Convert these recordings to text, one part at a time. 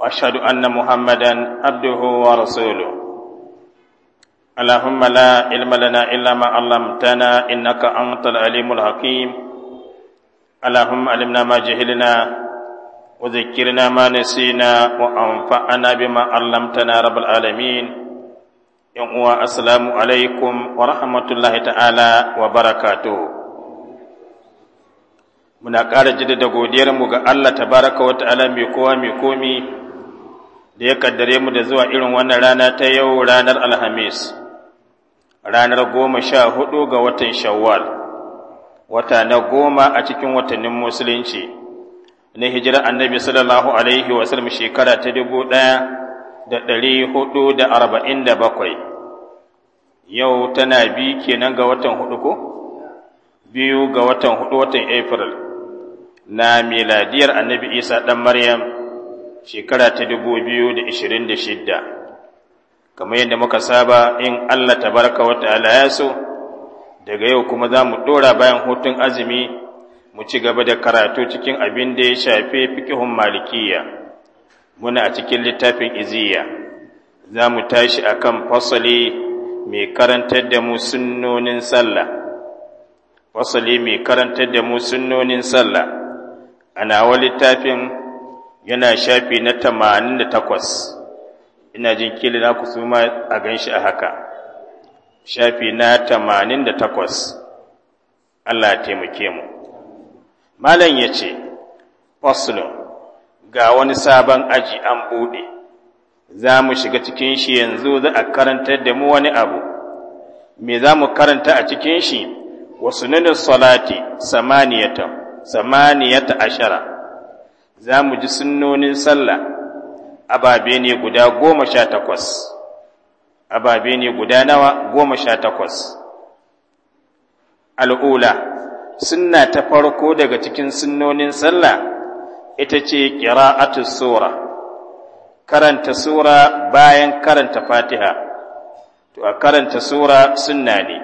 واشهد ان محمدا عبده ورسوله اللهم لا علم لنا الا ما علمتنا انك انت العليم الحكيم اللهم علمنا ما جهلنا وذكرنا ما نسينا وانفعنا بما علمتنا رب العالمين السلام عليكم ورحمه الله تعالى وبركاته muna ƙara jaddada godiyarmu ga Allah tabaraka wa ta'ala mai kowa mai komi da ya kaddare mu da zuwa irin wannan rana ta yau ranar Alhamis, ranar goma sha hudu ga watan Shawwal, wata na goma a cikin watannin Musulunci, na hijira annabi sallallahu Alaihi wasallam shekara ta dubu ɗaya da ɗari hudu da arba'in da bakwai. Yau tana bi kenan ga watan hudu ko? Biyu ga watan hudu watan April na miladiyar annabi Isa ɗan Maryam. shekara ta dubu biyu da ishirin da shidda kamar yadda muka saba in Allah ta barka wata ya so daga yau kuma za mu ɗora bayan hutun azumi mu ci gaba da karatu cikin abin da ya shafe fikihun malikiya muna a cikin littafin iziya za mu tashi a kan fasali mai karantar da mu sunnonin sallah fasali mai karantar da mu sunnonin sallah a nawa littafin yana shafi na tamanin da takwas ina jin kila na kusa ma a gan shi a haka shafi na tamanin da takwas Allah taimake mu malam ya ce Oslo, ga wani sabon aji an buɗe za mu shiga cikin shi yanzu za a karantar da mu wani abu me za mu karanta a cikin shi wasu nunin salati samaniyata samaniyata ashara za mu ji sunnonin sallah ababe ne guda goma sha takwas ababe ne guda nawa goma sha takwas al'ula sunna ta farko daga cikin sunnonin sallah ita ce ƙira'atu sura karanta sura bayan karanta fatiha to a karanta sura sunna ne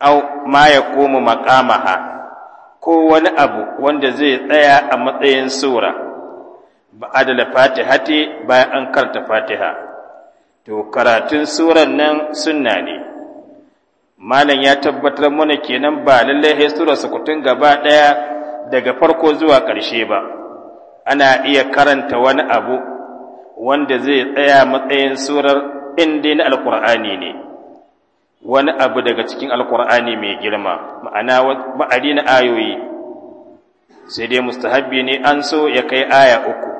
au ma ya komu ha? ko wani abu wanda zai tsaya a matsayin sura ba adala fatihati bayan an karta fatiha to karatun suran nan sunna ne malam ya tabbatar mana kenan ba lallai sai sura sukutun gaba ɗaya daga farko zuwa ƙarshe ba ana iya karanta wani abu wanda zai tsaya matsayin surar indin na alkur'ani ne wani abu daga cikin alkur'ani mai girma ma'ana ma'ari na ayoyi sai dai mustahabbi ne an so ya kai aya uku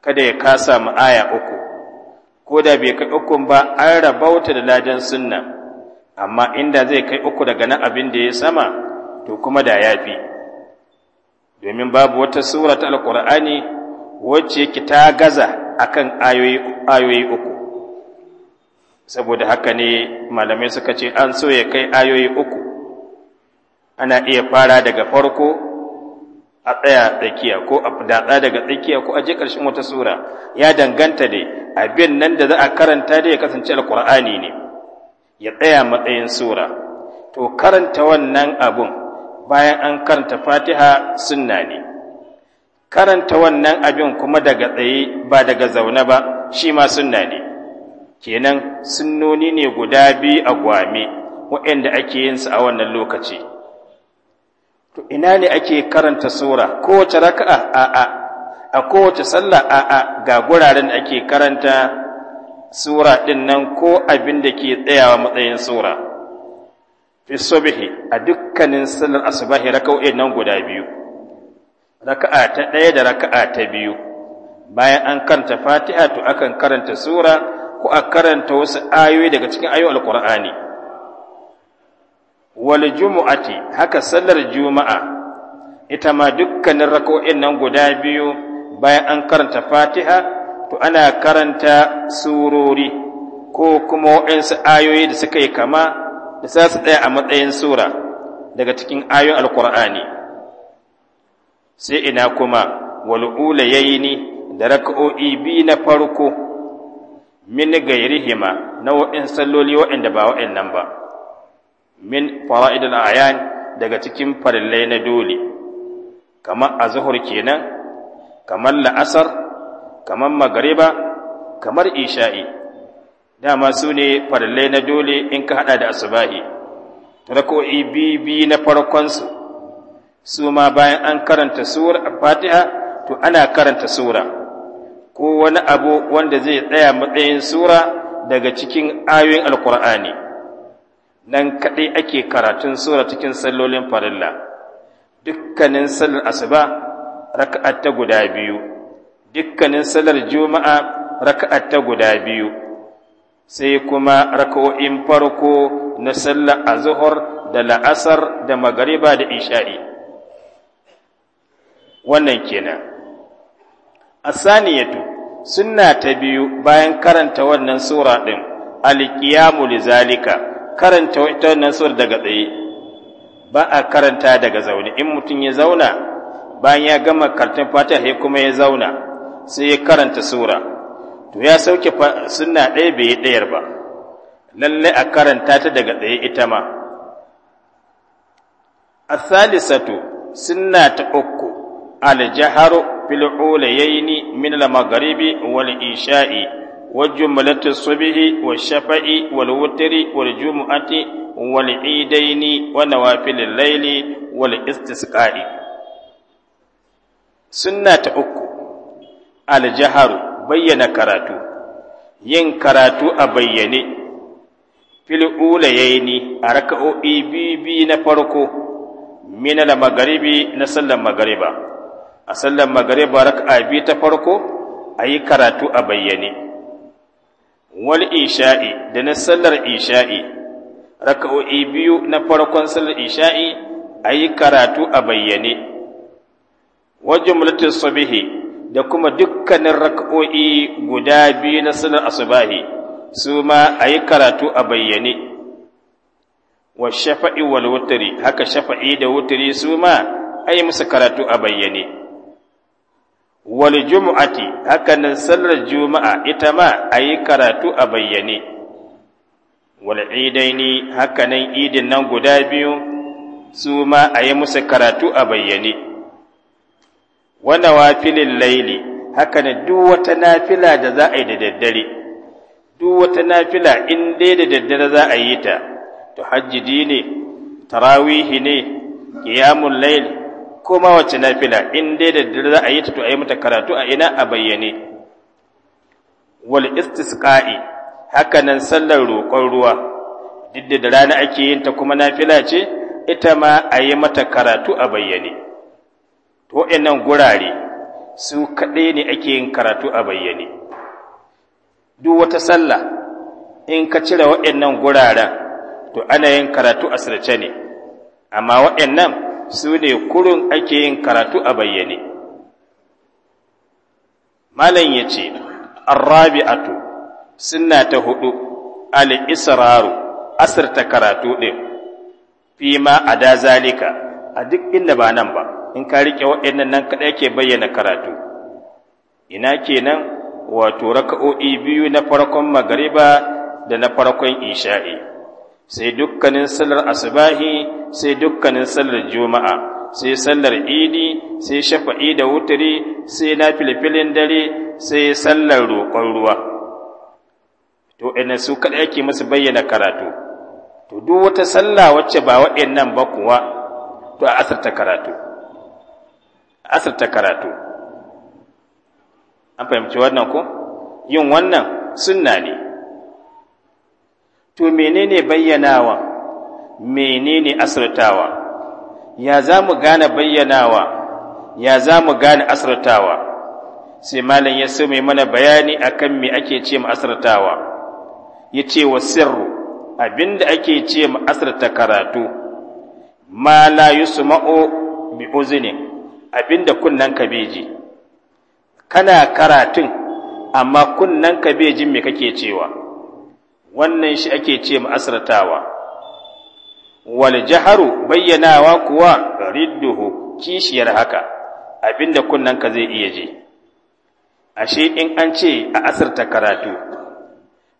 kada ya kasa mu aya uku ko da bai kai uku ba an rabauta da ladan sunna amma inda zai kai uku daga nan abin da ya sama to kuma da ya fi. domin babu wata sura ta alkur'ani wacce yake ta gaza akan ayoyi ayoyi uku saboda haka ne malamai suka ce an so ya kai ayoyi uku ana iya fara daga farko a tsaya tsakiya ko a datsa daga tsakiya ko a je ƙarshen wata sura ya danganta dai abin nan da za a karanta dai ya kasance alƙur'ani ne ya tsaya matsayin sura to karanta wannan abun bayan an karanta fatiha sunna ne karanta wannan abin kuma daga tsaye ba daga zaune ba shi ma sunna ne kenan sunnoni ne guda biyu a gwame waɗanda ake yin su a wannan lokaci to ina ne ake karanta sura kowace raka'a a'a a kowace sallah a'a ga guraren ake karanta sura ɗin nan ko abin da ke tsayawa matsayin sura fi subhi a dukkanin sallar asubahi raka'o'in nan guda biyu raka'a ta ɗaya da raka'a ta biyu bayan an karanta fatiha to akan karanta sura ko a karanta wasu ayoyi daga cikin ayoyi alkur'ani wal jumu'ati haka sallar juma'a ita ma dukkanin rak'o'in nan guda biyu bayan an karanta fatiha to ana karanta surori ko kuma waɗansu ayoyi da suka yi kama da za su tsaya a matsayin sura daga cikin ayoyin alkur'ani sai ina kuma wal'ula yayi ni da raka'o'i biyu na farko min gairihima na wa'in salloli wa'inda ba waɗannan ba min fara'idul ayan daga cikin farillai na dole kamar azuhur kenan kamar la'asar kamar magareba, kamar isha'i dama su ne farillai na dole in ka hada da asubahi rako'i bibi na farkon su ma bayan an karanta sura fatiha to ana karanta sura ko wani abu wanda zai tsaya matsayin sura daga cikin ayoyin alkur'ani nan kaɗai ake karatun sura cikin sallolin farilla dukkanin sallar asuba raka'at ta guda biyu dukkanin sallar juma'a raka'at ta guda biyu sai kuma raka'o'in farko na sallar zuhur da la'asar da magariba da isha'i wannan kenan asaniyatu sunna ta biyu bayan karanta wannan sura ɗin alƙiyamu zalika, karanta wannan sura daga tsaye ba a karanta daga zaune in mutum ya zauna bayan ya gama karatun fatiha ya kuma ya zauna sai ya karanta sura to ya sauke sunna ɗaya bai yi ɗayar ba lallai a karanta ta daga tsaye ita ma الثالثة سنة أكو الجهر في العوليين من المغرب والإشاء وجملة الصبح والشفع والوتر والجمعة والعيدين ونوافل الليل والاستسقاء سنة أكو الجهر بين كراتو ين كراتو أبيني في الأوليين أركعوا إيبي بي نفركو من المغرب نسل المغربة a sallar magariba raka'a biyu ta farko a yi karatu a bayyane wal isha'i da na sallar isha'i raka'o'i biyu na farkon sallar isha'i a yi karatu a bayyane wajen mulatin sabihi da kuma dukkanin raka'o'i guda biyu na sallar asubahi su ma a yi karatu a bayyane wa shafa'i wal wutari haka shafa'i da wutari su ma a yi musu karatu a bayyane wal jumu'ati hakanan sallar juma'a ita ma ayi karatu a bayyane wal idaini hakanan idin nan guda biyu su ma a musu karatu a bayyane wa filin laili hakanan duk wata nafila da za a yi da daddare duk wata nafila in dai da daddare za a yi ta to Hajji ne tarawihi ne qiyamul layl ko ma wacce nafila in dai da dare za a yi ta to a yi mata karatu a ina a bayyane wal istisqa'i haka nan sallar roƙon ruwa duk da rana ake yin ta kuma nafila ce ita ma a yi mata karatu a bayyane to wa'annan gurare su kaɗai ne ake yin karatu a bayyane duk wata sallah in ka cire waɗannan guraren to ana yin karatu a sirce ne amma waɗannan. su ne kurin ake yin karatu a bayyane malam ya ce arrabi'atu suna ta hudu al-israru asirta karatu ɗin fi ma a da zalika a duk inda ba nan ba in ka riƙe waɗannan nan kaɗai ke bayyana karatu ina kenan wato raka'o'i biyu na farkon magariba da na farkon isha'i sai dukkanin sallar asubahi sai dukkanin sallar juma'a sai sallar idi sai shafa'i da wuturi sai na filfilin dare sai sallar roƙon ruwa to ina su kaɗai ake musu bayyana karatu to duk wata sallah wacce ba waɗannan ba kuwa to a asarta karatu asarta karatu an fahimci wannan ko yin wannan sunna ne to menene bayyanawa menene asirtawa ya za mu gane bayyanawa ya za mu gane asirtawa sai malam ya so mai mana bayani akan me ake ce ma asirtawa ya ce wa sirru abinda ake ce ma asirta karatu ma la yusma'u bi uzni abinda kunnan ka beji kana karatun amma kunnan ka bejin me kake cewa wannan shi ake ce ma'asratawa wal jaharu bayyanawa kuwa ridduhu kishiyar haka abinda ka zai iya je ashe in an ce a asirta karatu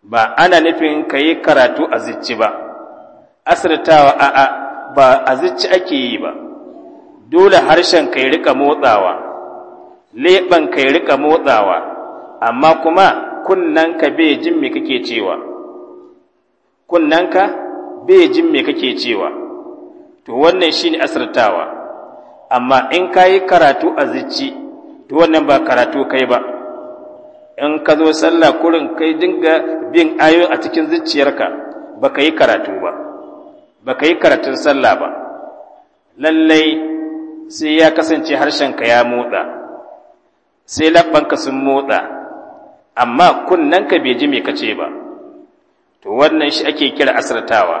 ba ana nufin ka yi karatu a zicci ba asirtawa a'a ba a zicci ake yi ba dole harshen ka rika motsawa leɓen ka rika motsawa amma kuma kunnen ka bai jin me kake cewa kunnanka bai jin me kake cewa to wannan shine asirtawa amma in kayi karatu a zici to wannan ba karatu kai ba in ka zo sallah kurin kai dinga bin ayoyin a cikin zuciyarka baka yi karatu ba baka yi karatun sallah ba lallai sai ya kasance harshenka ya motsa sai labbanka sun motsa amma kunnanka bai ji me ce ba to wannan shi ake kira asirtawa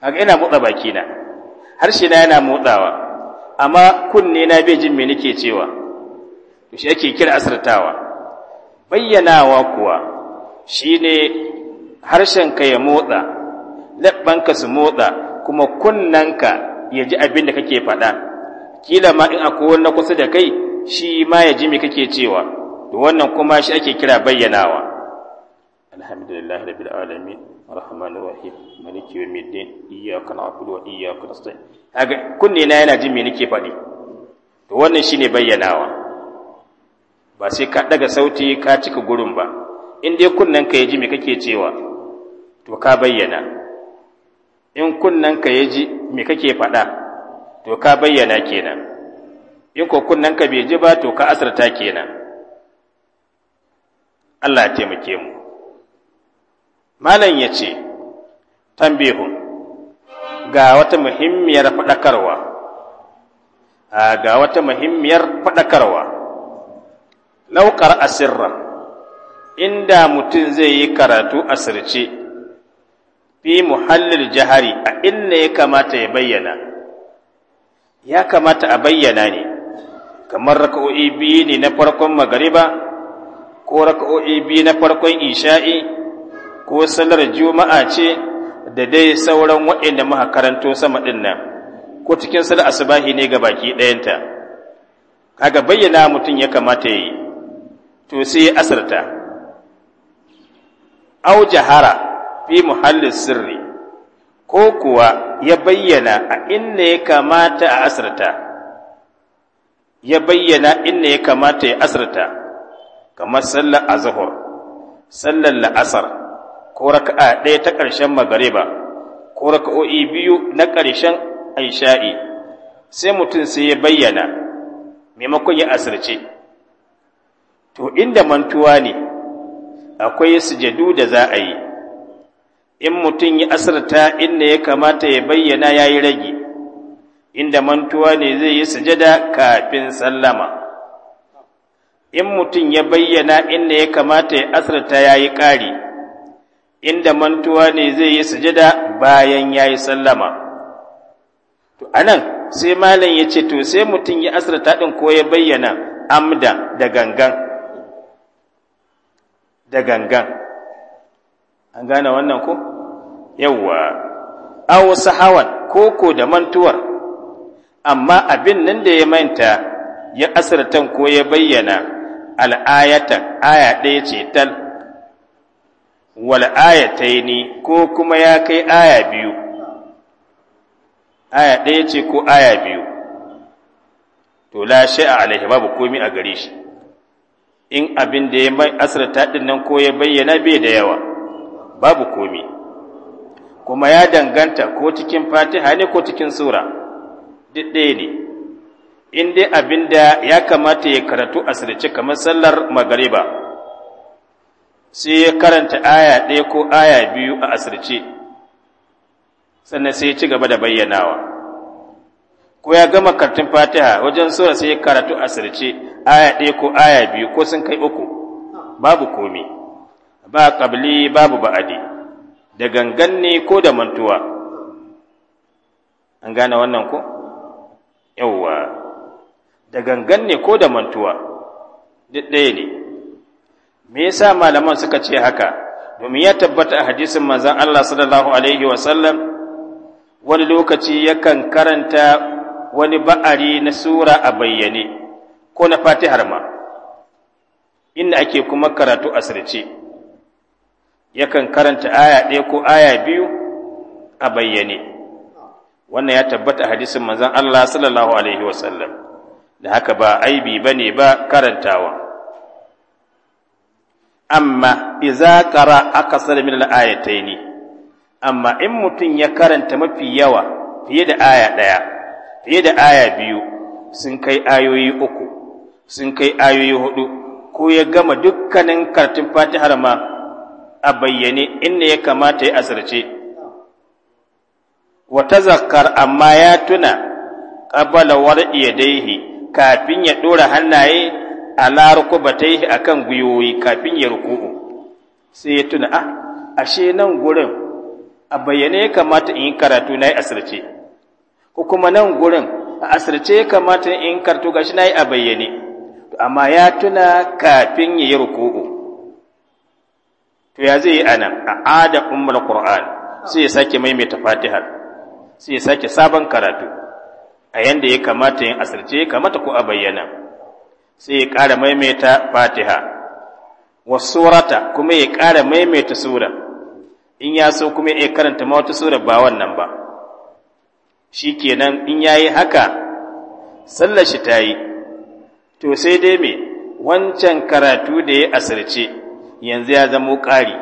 haka ina motsa bakina harshe na yana motsawa amma kunne na bai jin me nake cewa to shi ake kira asirtawa bayyanawa kuwa shine harshen ka ya motsa labbanka su motsa kuma kunnanka ya ji abin da kake faɗa kila ma in akwai wani kusa da kai shi ma ya ji me kake cewa to wannan kuma shi ake kira bayyanawa alhamdulillahi rabbil alamin arrahmanir rahim maliki yawmiddin iyyaka na'budu wa iyyaka nasta'in kaga kunne na yana jin me nake faɗi to wannan shine bayyanawa ba sai ka daga sauti ka cika gurin ba in dai kunnen ka ya ji me kake cewa to ka bayyana in kunnen ka ya ji me kake faɗa to ka bayyana kenan in ko kunnen ka bai ba to ka asirta kenan Allah ya taimake mu malam ya ce tambihun ga wata muhimmiyar faɗakarwa ga wata muhimmiyar faɗakarwa laukar asirra inda mutum zai yi karatu asirce fi muhallil jahari a illa ya kamata ya bayyana ya kamata a bayyana ne kamar raka'o'i biyu ne na farkon magariba ko raka'o'i biyu na farkon isha'i ko salar juma'a ce da dai sauran waɗanda muka karanto sama ɗin nan ko cikin salar asubahi ne ga baki ɗayanta kaga bayyana mutum ya kamata yi to sai ya asarta au jahara fi muhallin sirri ko kuwa ya bayyana a inda ya kamata a asarta. ya bayyana inda ya kamata ya asirta kamar sallar zuhur, sallar la'asar ko raka'a ɗaya ta ƙarshen magariba ko raka'o'i biyu na ƙarshen aisha'i sai mutum sai ya bayyana maimakon ya asirce to inda mantuwa ne akwai sujadu da za a yi in mutum ya asirta inda ya kamata ya bayyana ya yi rage inda mantuwa ne zai yi sujada kafin sallama in mutum ya bayyana inda ya kamata ya asirta ya yi ƙari inda mantuwa ne zai yi sujada bayan ya yi sallama to anan sai malam ya ce to sai mutum ya asirta ɗin ko ya bayyana amda da gangan da gangan an gane wannan ko yawwa aw sahawan koko da mantuwar amma abin nan da ya manta ya asirtan ko ya bayyana al'ayatan aya ɗaya ce tal wal ayataini ko kuma ya kai aya biyu aya ɗaya ce ko aya biyu to la a alaihi babu komi a gare shi in abin da ya mai asirta ɗin nan ko ya bayyana bai da yawa babu komi kuma ya danganta ko cikin fatiha ne ko cikin sura duk ɗaya ne in dai abin da ya kamata ya karatu asirce kamar sallar magariba sai ya karanta aya ɗaya ko aya biyu a asirce sannan sai ya ci gaba da bayyanawa ko ya gama karatun fatiha wajen sura sai ya karatu asirce aya ɗaya ko aya biyu ko sun kai uku babu komi ba ƙabli babu ba'adi da gangan ne ko da mantuwa an gane wannan ko? yawwa da gangan ne ko da mantuwa duk ɗaya ne me yasa malaman suka ce haka domin ya tabbata a hadisin manzon Allah sallallahu alaihi wa sallam wani lokaci yakan karanta wani ba'ari na sura a bayyane ko na fatihar ma inda ake kuma karatu asirce yakan karanta aya ɗaya ko aya biyu a bayyane wannan ya tabbata hadisin manzon Allah sallallahu alaihi wasallam da haka ba aibi bane ba karantawa amma iza qara akasar min al-ayataini amma in mutum ya karanta mafi yawa fiye da aya daya fiye da aya biyu sun kai ayoyi uku sun kai ayoyi hudu ko ya gama dukkanin karatun fatihar ma a bayyane inda ya kamata ya asirce wa zakar, amma ya tuna qabala iya daihi, kafin ya ɗora hannaye yi a kan gwiwoyi kafin ya ruku'u sai ya tuna ah ashe nan gurin a bayyane ya kamata in yi karatu na yi asirce ko kuma nan gurin a asirce ya kamata in yi karatu gashi na yi a bayyane amma ya tuna kafin ya yi ruku'u to ya zai yi nan, a ada ummul qur'an sai ya sake maimaita fatihar sai ya sake sabon karatu a yadda ya kamata yin asirce ya kamata ko a bayyana sai ya ƙara maimaita fatiha wasurata kuma ya ƙara maimaita sura in ya so kuma ya karanta ma wata sura ba wannan ba shi kenan in ya yi haka sallar shi ta yi to sai dai mai wancan karatu da ya asirce yanzu ya zamo ƙari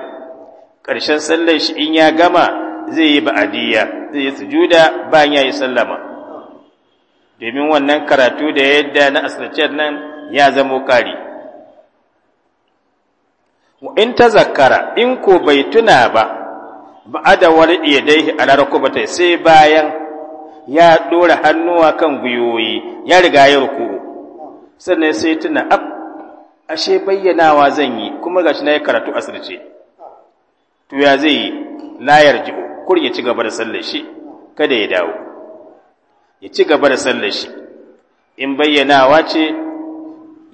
ƙarshen sallar shi in ya gama zai yi ba'adiyya zai yi sujuda bayan ya yi sallama domin wannan karatu da yadda na asirciyar nan ya zamo ƙari in ta zakara in ko bai tuna ba ba a da wani iyadai a larkubata sai bayan ya ɗora hannuwa kan gwiwoyi ya riga ya ruku sannan sai tuna ab ashe bayyanawa zan yi kuma gashi na yi karatu asirce to ya zai yi layar ji'o kur ya ci gaba da sallar shi kada ya dawo ya ci gaba da sallar shi in bayyanawa ce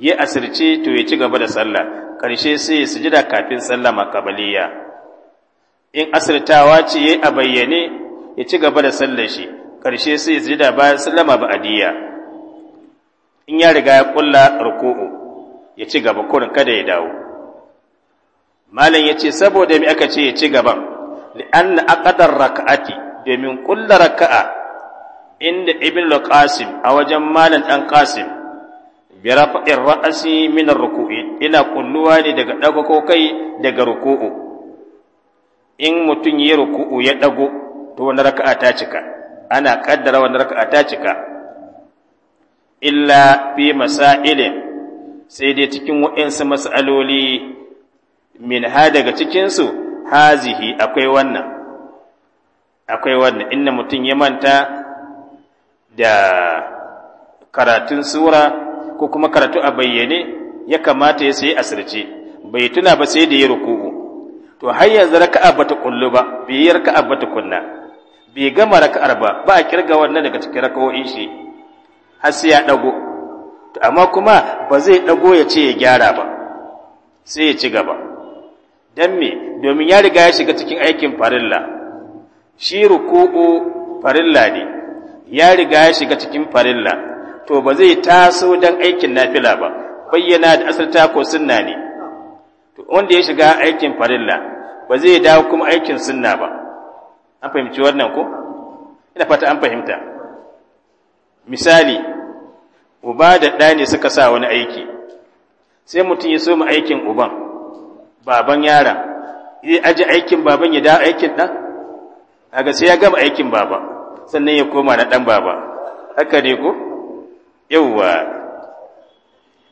ya asirce to ya ci gaba da sallah ƙarshe sai ya sujida kafin sallah makabaliya in asirtawa ce ya a bayyane ya ci gaba da sallar shi ƙarshe sai ya sujida bayan sallama adiya in ya riga ya kulla ruku'u ya ci gaba kurin kada ya dawo malam ya ce saboda me aka ce ya ci gaban li'anna aqdar raka'ati domin kullar raka'a inda ibn qasim a wajen malam dan qasim bi rafa'ir ra'si min ar-ruku'i ina kulluwa ne daga dago kai daga ruku'u in mutun yi ruku'u ya dago to wannan raka'a ta cika ana kaddara wannan raka'a ta cika illa fi masailin sai dai cikin waɗansu mas'aloli min ha daga cikinsu hazihi akwai wannan akwai wannan inda mutum ya manta da karatun sura ko kuma karatu a bayyane ya kamata ya sayi asirce bai tuna ba sai da ya ruku'u to har yanzu raka'a bata kullu ba bai yi raka'a bata kunna bai gama raka'ar ba ba a kirga wannan daga cikin raka'o'in shi har sai ya dago to amma kuma ba zai dago ya ce ya gyara ba sai ya ci gaba dan me domin ya riga ya shiga cikin aikin farilla shi ruku'u farilla ne ya riga ya shiga cikin farilla to ba zai taso dan aikin nafila ba bayyana da asirta ko sunna ne wanda ya shiga aikin farilla ba zai dawo kuma aikin sunna ba an fahimci wannan ko ina fata an fahimta misali uba da ɗa ne suka sa wani aiki sai mutum ya so mu aikin uban baban yaran yi aji aikin baban ya da aikin ɗan a sai ya gama aikin baba sannan ya koma na ɗan baba haka ne ko yauwa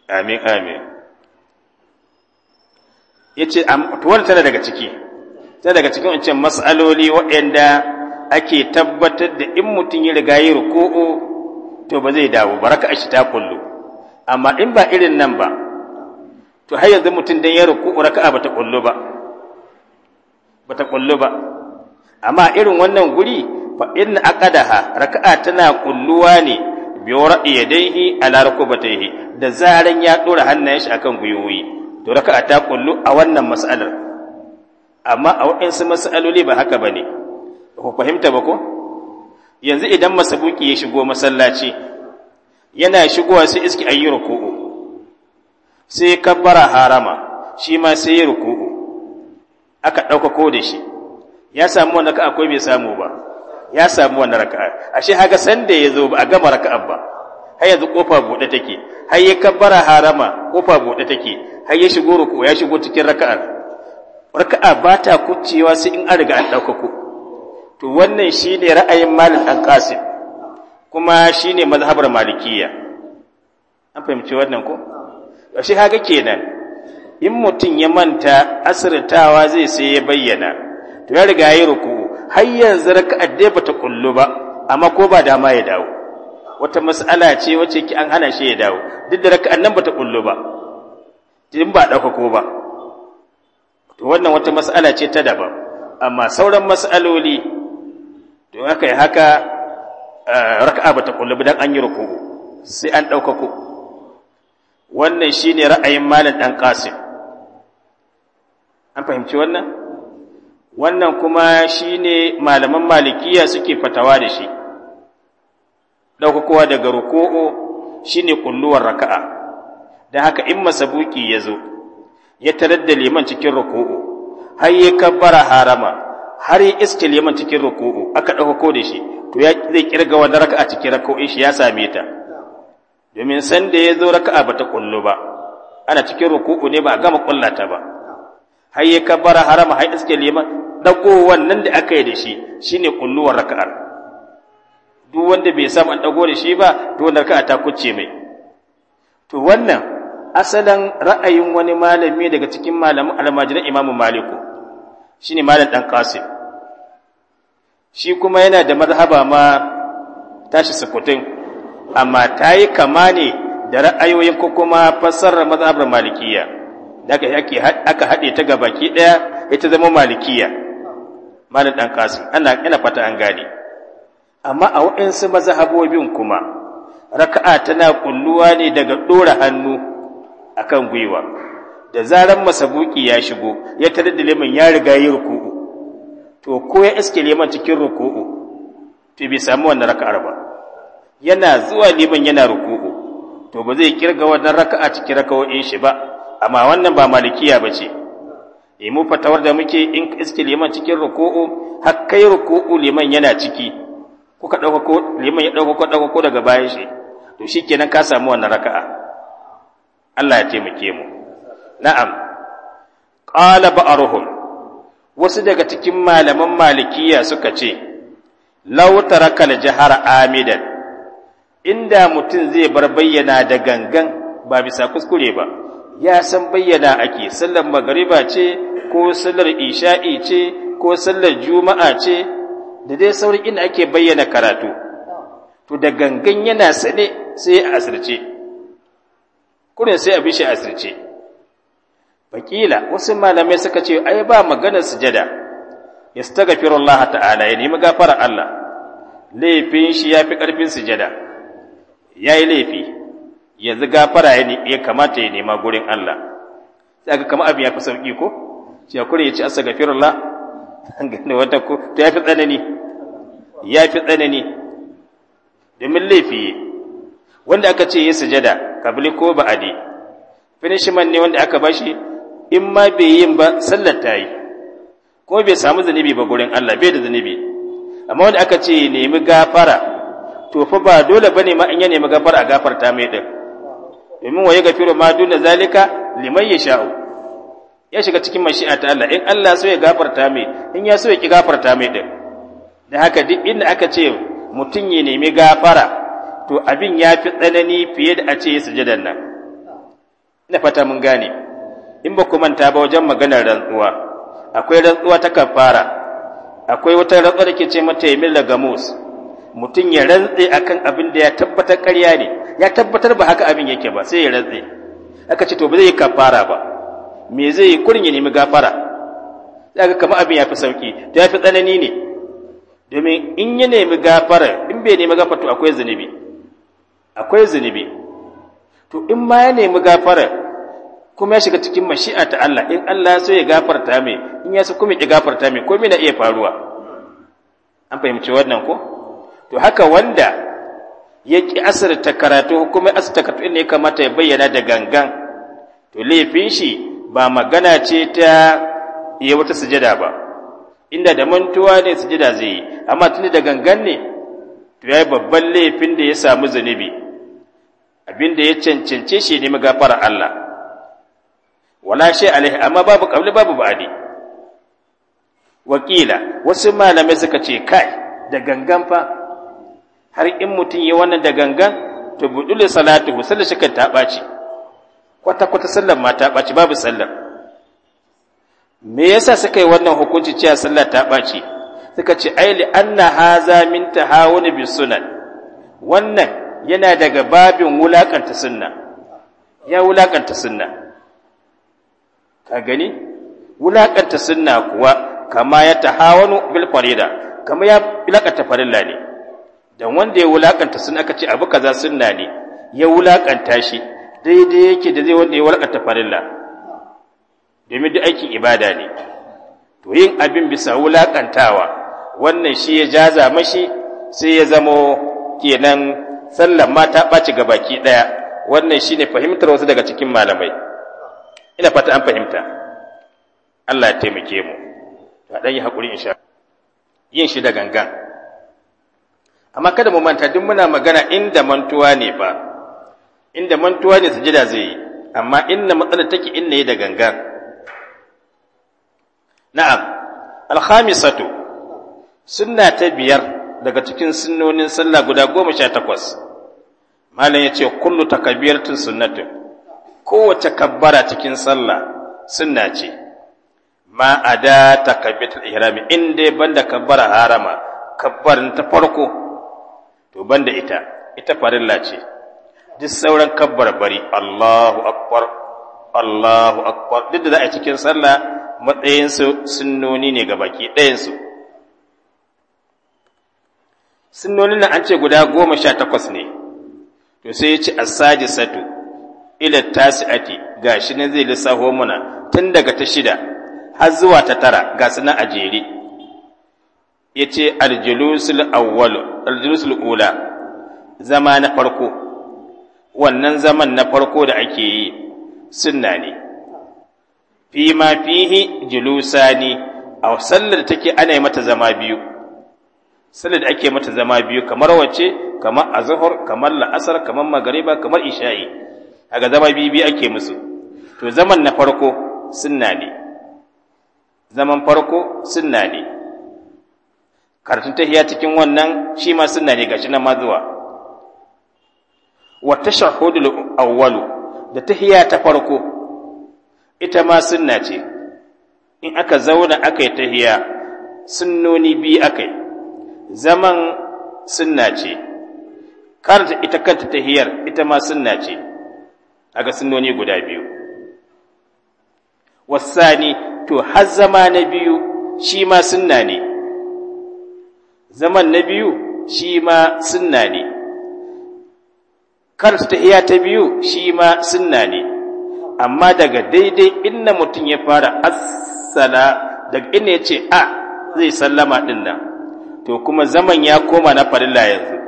amin amin ya ce tuwar tana daga ciki tana daga cikin wancan matsaloli waɗanda ake tabbatar da in mutum ya riga yi ruku'u to ba zai dawo ba raka shi ta kullu amma in ba irin nan ba to har yanzu mutum dan ya ruku'u raka'a ba ta kullu ba bata kullu ba amma irin wannan guri fa in aqadaha raka'a tana kulluwa ne bi ra'i yadayhi ala rukbatayhi da zaran ya dora hannayen shi akan gwiwoyi to raka'a ta kullu a wannan mas'alar amma a waɗansu mas'aloli ba haka bane ku fahimta ba ko yanzu idan masabuki ya shigo masallaci yana shigowa sai iski ayi ruku'u sai kabbara harama shi ma sai ya ruku'u aka ɗaukako da shi ya samu wannan raka'a ko bai samu ba ya samu wannan raka'a ashe haka sanda ya zo ba a gama raka'ar ba har yanzu kofa buɗe take har ya kabbara harama kofa buɗe take har ya shigo ruku ya shigo cikin raka'ar raka'a ba ta kucewa sai in an riga an ɗaukako to wannan shine ra'ayin malik an qasim kuma shine mazhabar malikiyya an fahimci wannan ko ashe haka kenan in mutum ya manta asirtawa zai sai ya bayyana to ya riga yi ruku har yanzu raka'ar dai bata kullu ba amma ko ba dama ya dawo wata mas'ala ce wacce ki an hana shi ya dawo duk da raka'ar nan bata kullu ba in ba dauka ko ba to wannan wata mas'ala ce ta daban amma sauran mas'aloli to aka yi haka raka'a bata kullu ba dan an yi ruku sai an dauka ko wannan shine ra'ayin malam dan qasim an fahimci wannan wannan kuma shine malaman malikiya suke fatawa da shi ɗaukakowa daga ruku'u shine kulluwar raka'a dan haka in masabuki ya zo ya tarar da liman cikin ruku'u har ya kabbara harama har ya iske liman cikin ruku'u aka ɗaukako da shi to ya zai kirga wani raka'a cikin raka'o'in shi ya same ta domin san da ya zo raka'a bata kullu ba ana cikin ruku'u ne ba a gama kullata ba har ya kabbara harama har iske liman dago wannan da aka yi da shi shine kulluwar raka'ar duk wanda bai samu an dago da shi ba to wannan raka'a ta kucce mai to wannan asalan ra'ayin wani malami daga cikin malamin almajiran Imam Maliku shine malam dan Qasim shi kuma yana da mazhaba ma tashi sukutin amma tayi kama ne da ra'ayoyin ko kuma fassarar mazhabar Malikiyya daga yake aka haɗe ta ga baki ɗaya ita zama malikiya malin ɗan kasu ana ina fata an gane amma a waɗansu mazahabobin kuma raka'a tana kulluwa ne daga ɗora hannu akan gwiwa da zaran masabuki ya shigo ya tarar da liman ya riga yi ruku'u to ko ya iske liman cikin ruku'u to bai samu wannan raka'ar ba yana zuwa liman yana ruku'u to ba zai kirga wannan raka'a cikin raka'o'in shi ba amma wannan ba malikiya ba ce mu fatawar da muke in iske liman cikin ruku'u har kai ruku'u liman yana ciki kuka ɗaukako liman ya ɗaukako ɗaukako daga bayan shi to shi kenan ka samu wannan raka'a Allah ya taimake mu na'am qala ba'ruhum wasu daga cikin malaman malikiya suka ce law taraka jahara amidan inda mutum zai bar bayyana da gangan ba bisa kuskure ba ya san bayyana ake sallar magariba ce ko sallar isha'i ce ko sallar juma'a ce da dai sauri inda ake bayyana karatu to da gangan yana sane sai a asirce kurin sai a bi shi asirce bakila wasu malamai suka ce ai ba maganar sujada yastaghfirullah ta'ala ya nemi gafara Allah laifin shi yafi karfin sujada yayi laifi yanzu gafara ya kamata ya nema gurin Allah sai aka kama abin ya fi sauƙi ko shi ya kure ya ga astaghfirullah gani wata ko to ya fi tsanani ya fi tsanani domin laifi wanda aka ce ya sujada kabili ko ba'adi finishiman ne wanda aka bashi in ma bai yin ba sallar ta yi kuma bai samu zunubi ba gurin Allah bai da zunubi amma wanda aka ce nemi gafara to fa ba dole bane ma in ya nemi gafara a gafarta mai din domin wa yaghfiru ma duna zalika liman yasha'u ya shiga cikin mashi'a ta Allah in Allah so ya gafarta mai in ya so ya ki gafarta mai din da haka duk inda aka ce mutum ya nemi gafara to abin ya fi tsanani fiye da a ce sujudan nan ina fata mun gane in ba ku manta ba wajen maganar rantsuwa akwai rantsuwa ta kafara akwai wata rantsuwa da ke ce mata yamil gamus mutum ya rantse akan abin da ya tabbata ƙarya ne ya tabbatar ba haka abin yake ba sai ya ratse aka ce to ba zai yi kafara ba me zai yi kurin ya nemi gafara ga kamar abin ya fi sauki to ya fi tsanani ne domin in ya nemi gafara in bai nemi gafara to akwai zunubi akwai zunubi to in ma ya nemi gafara kuma ya shiga cikin mashi'a ta Allah in Allah so ya gafarta mai in ya so kuma ya gafarta mai komai na iya faruwa an fahimci wannan ko to haka wanda ya ki asirta karatu asar asirta karatu ne kamata ya bayyana da gangan to laifin shi ba magana ce ta yi wata sujada ba inda da mantuwa ne sujada zai yi amma tuni da gangan ne to ya yi babban laifin da ya samu zunubi abin da ya cancance shi ne magafara Allah wala shi alaihi amma babu kabli babu ba'adi wakila wasu malamai suka ce kai da gangan fa har in mutum yi wannan da gangan to budule Salatu sallar shi kan ta ɓaci kwata kwata sallar ma ta ɓaci babu sallar me yasa suka yi wannan hukunci cewa sallar ta ɓaci suka ce ai li anna haza min tahawuni bi sunan wannan yana daga babin wulakanta sunna ya wulakanta sunna ka gani wulakanta sunna kuwa kama ya tahawanu bil farida kama ya wulakanta farilla ne dan wanda ya wulakanta sun aka ce abu kaza sunna ne ya wulakanta shi daidai yake da zai wanda ya wulakanta farilla domin duk aikin ibada ne to yin abin bisa wulakantawa wannan shi ya jaza mashi sai ya zamo kenan sallan ma ta ɓaci ga baki ɗaya wannan shi ne fahimtar wasu daga cikin malamai ina fata an fahimta Allah ya taimake mu to a ɗan yi haƙuri in sha yin shi da gangan amma kada mu manta duk muna magana inda mantuwa ne fa inda mantuwa ne sujada zai yi amma inna matsalar take inna yi da gangan na'am alhamisatu sunna ta biyar daga cikin sunnonin sallah guda goma sha takwas malam ya ce kullu takabiratun sunnatu kowace kabbara cikin sallah sunna ce ma ada takabiratul ihrami in dai banda kabbara harama kabbarin ta farko to da ita ita farilla ce duk sauran kabbar bari Allahu akbar Allahu akbar duk da za a cikin sallah matsayinsu sunnoni ne ga baki ɗayansu sunnonin nan an ce guda goma sha takwas ne to sai ya ce asaji satu ila tasi'ati gashi ne zai lissafo mana tun daga ta shida har zuwa ta tara ga suna a ya ce aljulusul awwal aljulusul ula zama na farko wannan zaman na farko da ake yi sunna ne fi ma fihi julusani a sallar take ana mata zama biyu sallar da ake mata zama biyu kamar wace kamar azhar kamar la'asar kamar magariba kamar isha'i kaga zama biyu biyu ake musu to zaman na farko sunna ne zaman farko sunna ne karatun tahiya cikin wannan shi ma sunna ne gashi na mazuwa wa tashahhudul awwalu da tahiya ta farko ita ma sunna ce in aka zauna aka yi tahiya sunnoni bi aka yi zaman sunna ce karanta ita kanta tahiyar ita ma sunna ce aga sunnoni guda biyu wasani to har zama na biyu shi ma sunna ne zaman na biyu shi ma sunna ne ta tahiya ta biyu shi ma sunna ne amma daga daidai inna mutum ya fara assala daga ina ya ce a zai sallama din to kuma zaman ya koma na farilla yanzu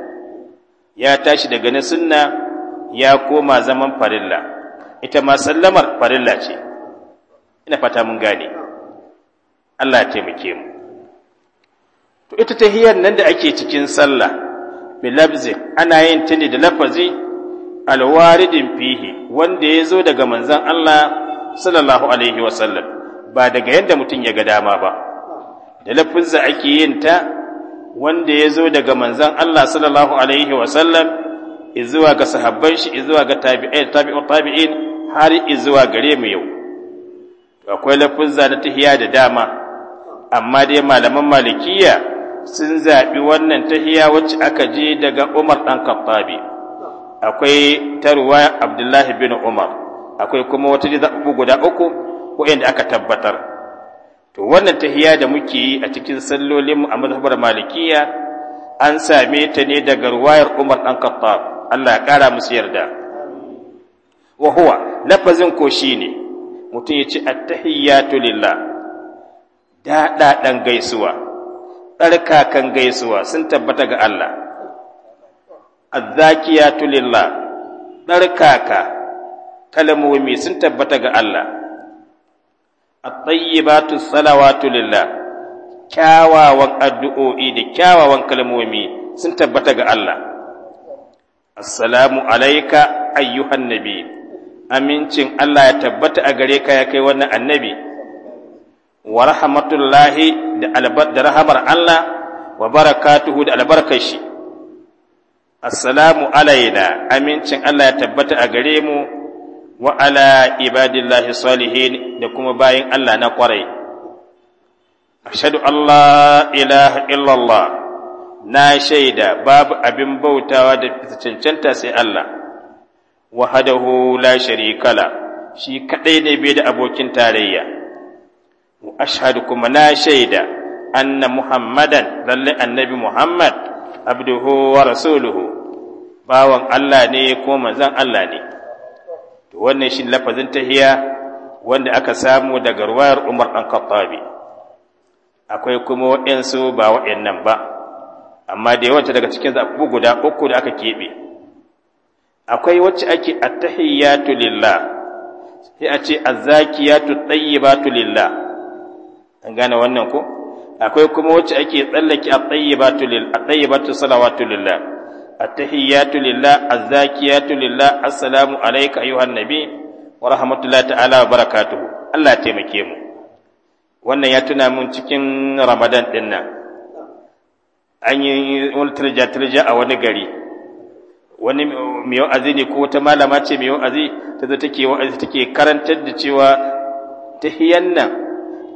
ya tashi daga na sunna ya koma zaman farilla ita ma sallamar farilla ce ina fata mun gane Allah ya taimake mu to ita tahiyar nan da ake cikin sallah labzi ana yin ta ne da lafazi alwaridin fihi wanda ya zo daga manzon Allah sallallahu alaihi sallam ba daga yadda mutum ya ga dama ba da lafazza ake yin ta wanda ya zo daga manzon Allah sallallahu alaihi sallam izuwa ga sahabban shi izuwa ga tabi'in tabi'u tabi'in har izuwa gare mu yau akwai lafazza na tahiya da dama amma dai malaman malikiyya sun zaɓi wannan tahiya wacce aka je daga Umar ɗan Kattabi akwai tarwa Abdullahi bin Umar akwai kuma wata zaɓi guda uku waɗanda aka tabbatar to wannan tahiya da muke yi a cikin sallolin a mazhabar malikiya an same ta ne daga ruwayar Umar ɗan Kattab Allah ya ƙara musu yarda wa huwa lafazin ko ne. mutum ya ci at lillah da gaisuwa tsarkakan gaisuwa sun tabbata ga Allah azzakiyatu lillah tsarkaka kalmomi sun tabbata ga Allah at-tayyibatu salawatu lillah kyawawan addu'o'i da kyawawan kalmomi sun tabbata ga Allah assalamu alaika ayyuhan nabi amincin Allah ya tabbata a gare ka ya kai wannan annabi wa rahmatullahi da rahamar Allah wa barakatuhu da albarkar shi assalamu alaina amincin Allah ya tabbata a gare mu wa ala ibadillahi salihin da kuma bayin Allah na kwarai ashhadu Allah ilaha illallah na shaida babu abin bautawa da cancanta sai Allah wahadahu la sharikala shi kadai ne bai da abokin tarayya wa ashhadu kuma na shaida anna muhammadan lalle annabi muhammad abduhu wa rasuluhu bawan Allah ne ko manzon Allah ne to wannan shi lafazin tahiya wanda aka samu daga ruwayar Umar dan Khattabi akwai kuma waɗansu ba waɗannan ba amma da yawanci daga cikin zaɓu guda uku da aka keɓe akwai wacce ake attahiyatu lillah sai a ce azzakiyatu tayyibatu lillah an gane wannan ko akwai kuma wacce ake tsallake at-tayyibatu lil at-tayyibatu salawatu lillah at-tahiyatu lillah az-zakiyatu lillah assalamu alayka ayuhan nabi wa rahmatullahi ta'ala wa barakatuh Allah ya taimake mu wannan ya tuna mun cikin Ramadan din nan an yi ultirja tirja a wani gari wani mai wa'azi ne ko wata malama ce mai wa'azi ta zo take wa'azi take karantar da cewa tahiyyan nan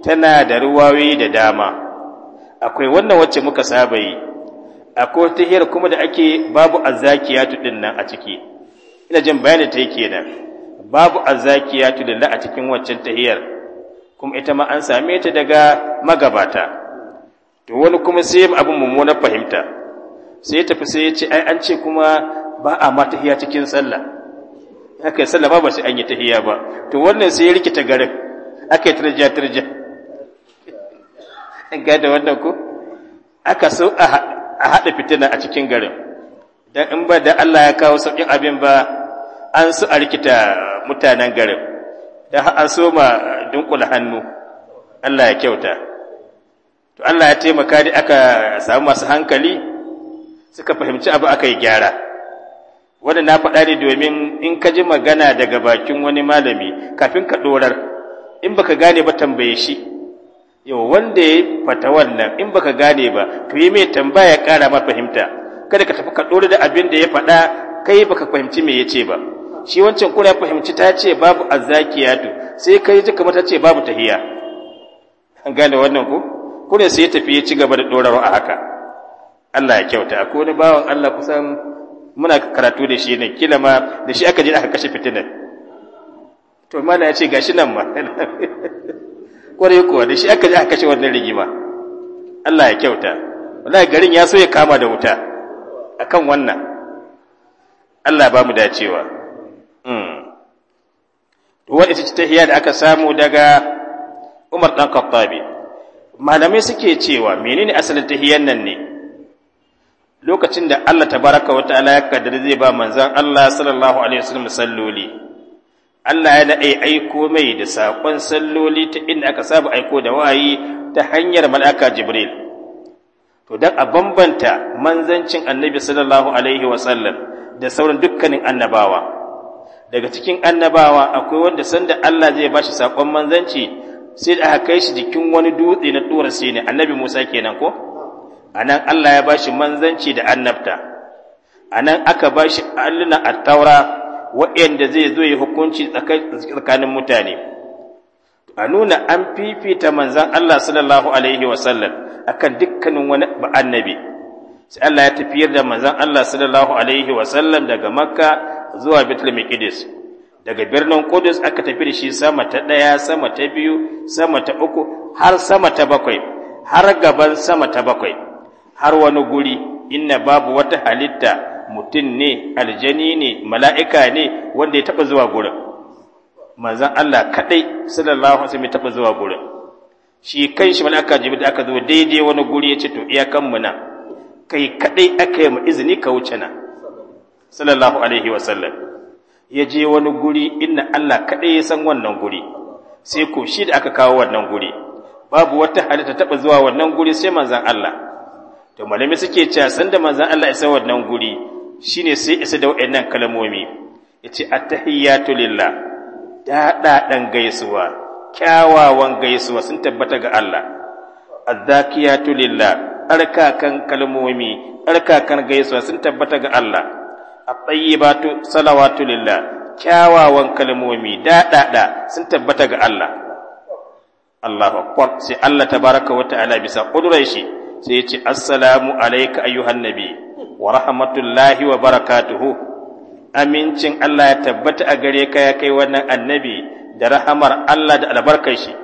tana da ruwawi da dama akwai wannan wacce muka saba yi akwai wata hira kuma da ake babu azzakiyatu din nan a ciki ina jin bayani ta yake nan babu azzakiyatu din a cikin waccan tahiyar kuma ita ma an same ta daga magabata to wani kuma sai abin mummunar fahimta sai tafi sai ya ce ai an ce kuma ba a ma tahiya cikin sallah aka yi sallah ba ba sai an yi tahiya ba to wannan sai ya rikita garin aka yi tarjiya tarjiya gada wannan ko aka so a haɗa fitina a cikin garin don in ba da Allah ya kawo saukin abin ba an so a rikita mutanen garin da an so ma dunkula hannu Allah ya kyauta to Allah ya taimaka da aka samu masu hankali suka fahimci abu aka yi gyara wani na faɗa ne domin in ka ji magana daga bakin wani malami kafin ka ɗorar in baka gane ba tambaye shi yau wanda ya fata wannan in baka gane ba ka yi mai tambaya kara ma fahimta kada ka tafi ka ɗore da abin da ya faɗa kai baka fahimci mai ya ce ba shi wancan kuna fahimci ta ce babu tu, sai kai yi kamar ta ce babu tahiya an gane wannan ko kuna sai ya tafi ya ci gaba da ɗorawa a haka Allah ya kyauta akwai wani bawan Allah kusan muna karatu da shi ne kila ma da shi aka je aka kashe fitinar to mana ya ce gashi nan ma kwarai kuwa da shi aka ji aka kashe wannan rigima Allah ya kyauta wallahi garin ya so ya kama da wuta akan wannan Allah ba mu dacewa mm wani ita ta hiya da aka samu daga Umar dan Khattabi malamai suke cewa menene asalin ta hiyan nan ne lokacin da Allah tabaraka wa ta'ala ya kaddara zai ba manzon Allah sallallahu alaihi wasallam salloli Allah ya daɗe aiko mai da saƙon salloli ta inda aka saba aiko da wayi ta hanyar mal'aka Jibril. To, don a bambanta manzancin annabi sallallahu Alaihi sallam da sauran dukkanin annabawa. Daga cikin annabawa akwai wanda sanda Allah zai bashi sakon manzanci sai da aka kai shi jikin wani dutse na tura sini annabi Musa kenan ko? A Allah ya bashi manzanci da annabta. anan aka bashi shi allunan taura. waɗanda zai zo yi hukunci tsakanin mutane a nuna an fifita manzan Allah sallallahu alaihi wasallam akan dukkanin wani annabi sai Allah ya tafiyar da manzan Allah sallallahu alaihi wasallam daga makka zuwa bitul miqdis daga birnin Qudus aka tafi da shi sama ta ɗaya sama ta biyu sama ta uku har sama ta bakwai har gaban sama ta bakwai har wani guri inna babu wata halitta mutum ne aljani ne mala'ika ne wanda ya taɓa zuwa gurin manzan Allah kaɗai sallallahu alaihi wasallam ya taɓa zuwa gurin shi kan shi mala'ika da aka zo daidai wani guri ya ce to iyakan mu na kai kaɗai aka yi mu izini ka wuce nan sallallahu alaihi wasallam ya je wani guri inna Allah kaɗai ya san wannan guri sai ko shi da aka kawo wannan guri babu wata halitta taɓa zuwa wannan guri sai manzan Allah to malami suke cewa sanda manzan Allah ya san wannan guri Shi ne sai isa da waɗannan kalmomi yace attahiyatu lillah daɗaɗan gaisuwa kyawawan gaisuwa sun tabbata ga Allah azzakiyatu lillah arkakan kalmomi arkakan gaisuwa sun tabbata ga Allah at-tayyibatu salawatu lillah kyawawan kalmomi daɗaɗa sun tabbata ga Allah Allahu akbar sai Allah tabaraka wa ta'ala bisa kudurai shi sai ya ce assalamu alayka ayyuhan nabi wa rahmatullahi wa barakatuhu amincin Allah ya tabbata a gare ka ya kai wannan annabi da rahamar Allah da albarkar shi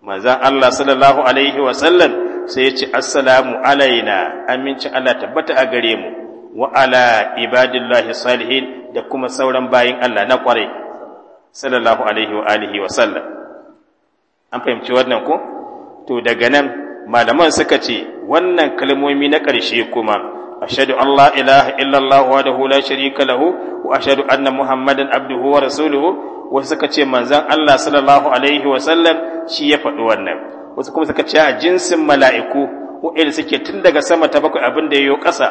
manzon Allah sallallahu alaihi wa sallam sai ya ce assalamu alaina amincin Allah tabbata a gare mu wa ala ibadillahi salihin da kuma sauran bayin Allah na kwarai sallallahu alaihi wa alihi wa sallam an fahimci wannan ko to daga nan malaman suka ce wannan kalmomi na ƙarshe kuma أشهد أن لا إله إلا الله وحده لا شريك له وأشهد أن محمدا عبده ورسوله وسكت من زان الله صلى الله عليه وسلم شي wannan wasu kuma suka ce a jinsin mala'iku ko waɗanda suke tun daga sama ta bakwai abin da ya yi ƙasa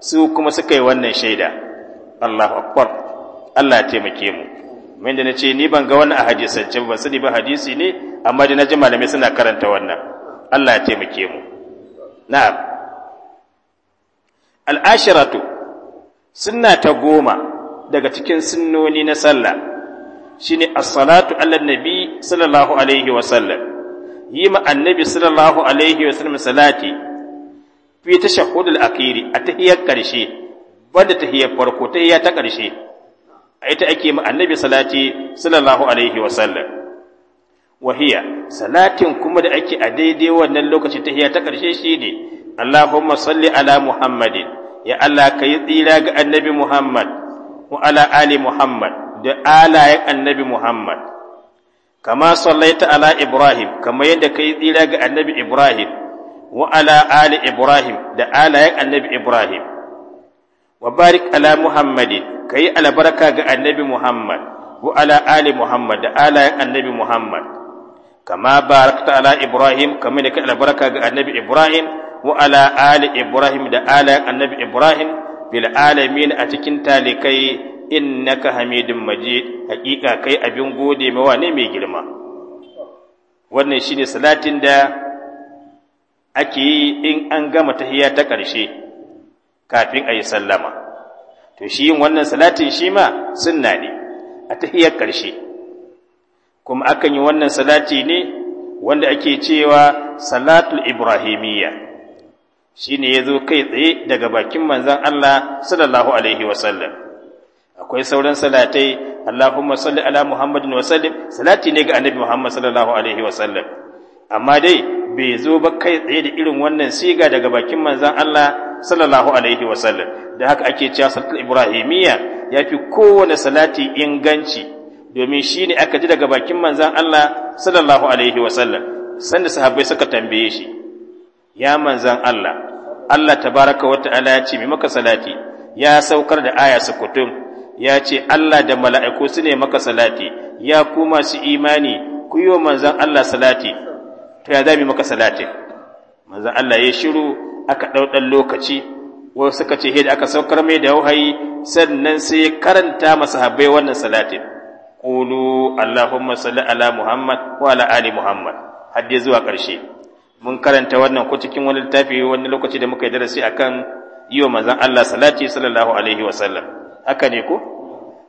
su kuma suka yi wannan shaida Allahu akbar Allah ya taimake mu min da na ce ni ban ga wannan a hadisance ba sani ba hadisi ne amma da na ji malamai suna karanta wannan Allah ya taimake mu na'am al'ashiratu sunna ta goma daga cikin sunnoni na sallah shine as-salatu ala nabi sallallahu alaihi wa sallam yi ma annabi sallallahu alaihi wa sallam salati fi tashahhud al-akhiri a tahiyar karshe banda tahiyyar farko tahiyya ta karshe a ita ake ma annabi salati sallallahu alaihi wa sallam wahiya salatin kuma da ake a daidai wannan lokaci tahiyya ta karshe shine Allahumma salli ala Muhammadin ya Allah ka yi tsira ga annabi Muhammad wa ala ali Muhammad da alayen annabi Muhammad kama sallaita ala Ibrahim kama yadda ka yi tsira ga annabi Ibrahim wa ala ali Ibrahim da alayen annabi Ibrahim wa barik ala Muhammadin ka yi albarka ga annabi Muhammad wa ala ali Muhammad da alayen annabi Muhammad kama barakta ala Ibrahim kama da ka albarka ga annabi Ibrahim wa ala ali ibrahim da ala annabi ibrahim bil alamin a cikin talikai innaka hamidun majid hakika kai abin gode mawa ne mai girma wannan shine salatin da ake yi in an gama tahiyya ta ƙarshe kafin a yi sallama to shi yin wannan salatin shi ma sunna ne a tahiyyar ƙarshe kuma akan yi wannan salati ne wanda ake cewa salatul ibrahimiyya Shi ne ya zo kai tsaye daga bakin manzan Allah sallallahu alaihi wasallam akwai sauran salatai Allahumma salli ala Muhammadin wa sallim salati ne ga Annabi Muhammad sallallahu alaihi wasallam amma dai bai zo ba kai tsaye da irin wannan siga daga bakin manzan Allah sallallahu alaihi wasallam da haka ake cewa salatul ibrahimiyya fi kowane salati inganci domin ne aka ji daga bakin manzan Allah sallallahu alaihi wasallam sanda sahabbai suka tambaye shi ya manzan Allah Allah tabaraka wa ta'ala ya ce mai maka salati ya saukar da aya sukutum ya ce Allah da mala'iku su ne maka salati ya ku masu imani ku yi wa manzan Allah salati to ya zami maka salati manzan Allah ya shiru aka ɗauɗan lokaci wasu suka ce da aka saukar mai da wahayi sannan sai ya karanta masahabbai wannan salatin qulu allahumma salli ala muhammad wa ala ali muhammad har zuwa ƙarshe mun karanta wannan ko cikin wani littafi wani lokaci da muka yi darasi akan yi wa manzon Allah salati sallallahu alaihi wa sallam haka ne ko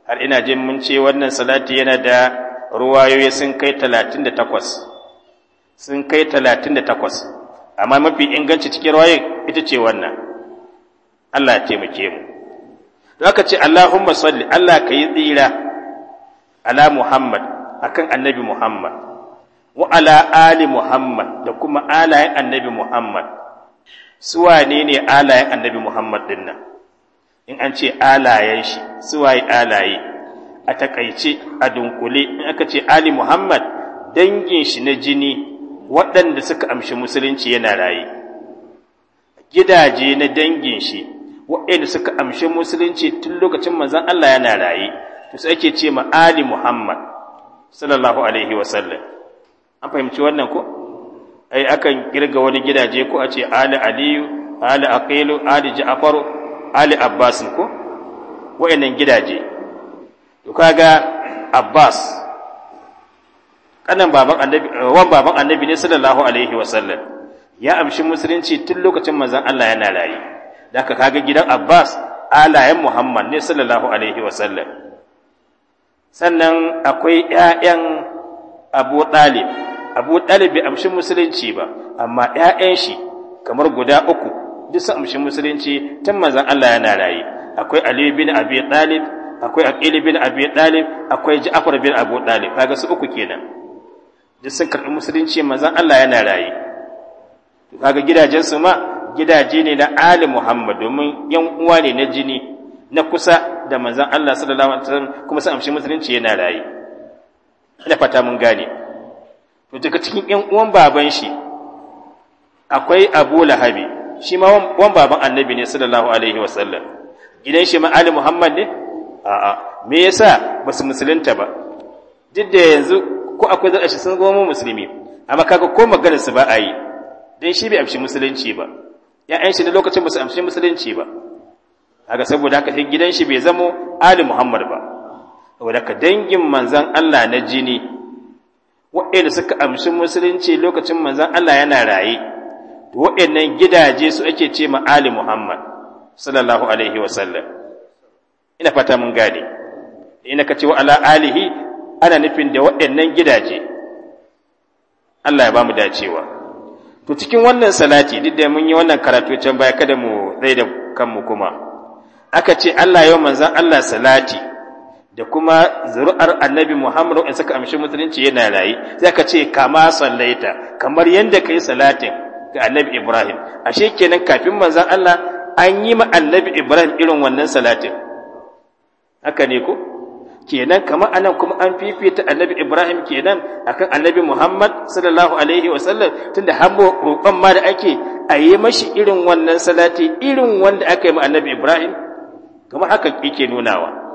har ina jin mun ce wannan salati yana da ruwayoyi sun kai 38 sun kai 38 amma mafi inganci cikin ruwaye ita ce wannan Allah ya taimake mu haka ce Allahumma salli Allah ka yi tsira ala Muhammad akan annabi Muhammad wa ala ali Muhammad da kuma alayen annabi Muhammad wane ne alayen annabi Muhammad din nan in an ce alayen shi waye alaye a takaice a dunkule in aka ce ali Muhammad dangin shi na jini waɗanda suka amshi musulunci yana raye gidaje na dangin shi waɗanda suka amshi musulunci tun lokacin manzan Allah yana raye to sai ake ce ma ali Muhammad sallallahu alaihi wasallam an fahimci wannan ko ai akan kirga wani gidaje ko a ce ali aliyu ali aqilu ali ja'far ali abbas ko wayannan gidaje to kaga abbas kanan baban annabi eh, wan baban annabi ne sallallahu alaihi wasallam ya amshi musulunci tun lokacin manzon Allah yana rayi da ka kaga gidan abbas alayen muhammad ne sallallahu alaihi wasallam sannan akwai ƴaƴan abu ɗalib abu ɗalib bai amshi musulunci ba amma ‘ya'yan shi kamar guda uku duk sun amshi musulunci tun manzan Allah yana raye akwai aliyu bin abi ɗalib akwai aqili bin abi ɗalib akwai ja'far bin abu ɗalib kaga su uku kenan duk sun karɓi musulunci manzan Allah yana raye kaga gidajen su ma gidaje ne na ali muhammad domin yan uwa ne na jini na kusa da manzan Allah sallallahu alaihi wasallam kuma sun amshi musulunci yana raye ina fata mun gane to daga cikin ƴan uwan baban shi akwai Abu Lahabi shi ma wan baban Annabi ne sallallahu alaihi wasallam gidan shi ma Ali Muhammad ne a'a me yasa basu musulunta ba duk da yanzu ko akwai zaka shi sun zama musulmi amma kaga ko maganar su ba a yi dan shi bai amshi musulunci ba ya'yan shi na lokacin ba su amshi musulunci ba kaga saboda haka gidan shi bai zamo Ali Muhammad ba saboda dangin manzan Allah na jini waɗanda suka amshi musulunci lokacin manzan Allah yana raye waɗannan gidaje su ake ce ma Ali Muhammad sallallahu alaihi wa sallam. ina fata mun gane ina ka ce wa ala alihi ana nufin da waɗannan gidaje Allah ya ba mu dacewa to cikin wannan salati duk da mun yi wannan karatu can baya kada mu zai da kanmu kuma aka ce Allah yau manzan Allah salati da kuma zuri'ar annabi Muhammadu in suka amshi musulunci yana rayi sai ka ce kama sallaita kamar yadda ka yi salatin ga annabi Ibrahim ashe kenan kafin manzan Allah an yi ma annabi Ibrahim irin wannan salatin haka ne ko kenan kama anan kuma an fifita annabi Ibrahim kenan akan annabi Muhammad sallallahu alaihi wa sallam tunda har roƙon ma da ake a yi mashi irin wannan salati irin wanda aka yi ma annabi Ibrahim kamar haka yake nunawa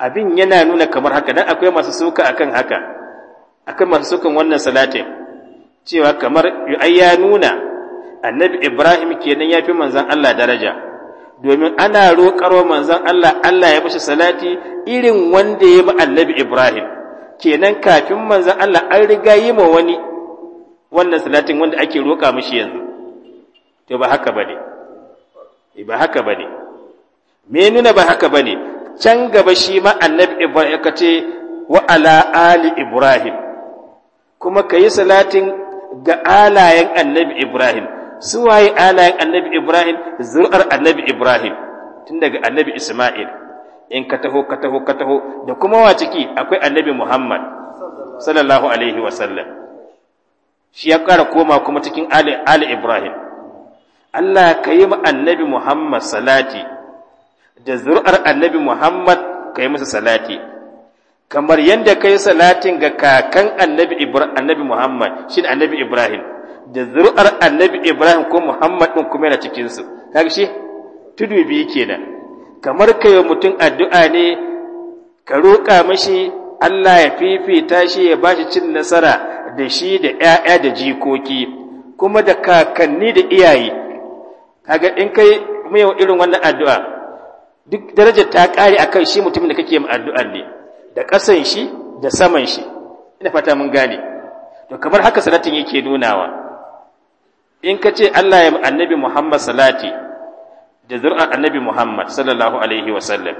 abin yana nuna kamar haka dan akwai masu suka akan haka akwai masu sukan wannan salatin cewa kamar ai ya nuna annabi Ibrahim kenan ya fi manzon Allah daraja domin ana roƙarwa manzon Allah Allah ya mishi salati irin wanda ya bi annabi Ibrahim kenan kafin manzon Allah an riga yi ma wani wannan salatin wanda ake roƙa mishi yanzu to ba haka bane eh, ba haka bane me nuna ba haka bane can gaba shi ma annabi ibrahim ka ce wa ala ali ibrahim kuma ka yi salatin ga alayen annabi ibrahim su waye alayen annabi ibrahim zuri'ar annabi ibrahim tun daga annabi isma'il in ka taho ka taho ka taho da kuma wa ciki akwai annabi muhammad sallallahu alaihi wa sallam. shi ya ƙara koma kuma cikin ali ibrahim allah ka yi ma annabi muhammad salati da zuri'ar annabi Muhammad ka yi musu salati kamar yadda ka yi salatin ga kakan annabi annabi Muhammad shi annabi Ibrahim da zuri'ar annabi Ibrahim ko Muhammad ɗin kuma yana cikin su shi tudu biyu kenan kamar ka yi mutum addu'a ne ka roƙa mashi Allah ya fifita shi ya bashi cin nasara da shi da ‘ya'ya da jikoki kuma da kakanni da iyaye kaga in kai mai irin wannan addu'a duk darajar ta kare akan shi mutumin da kake addu'a ne da ƙasan shi da saman shi ina fata mun gane to kamar haka salatin yake nunawa in ka ce Allah ya annabi Muhammad salati da zur'an annabi Muhammad sallallahu alaihi wa sallam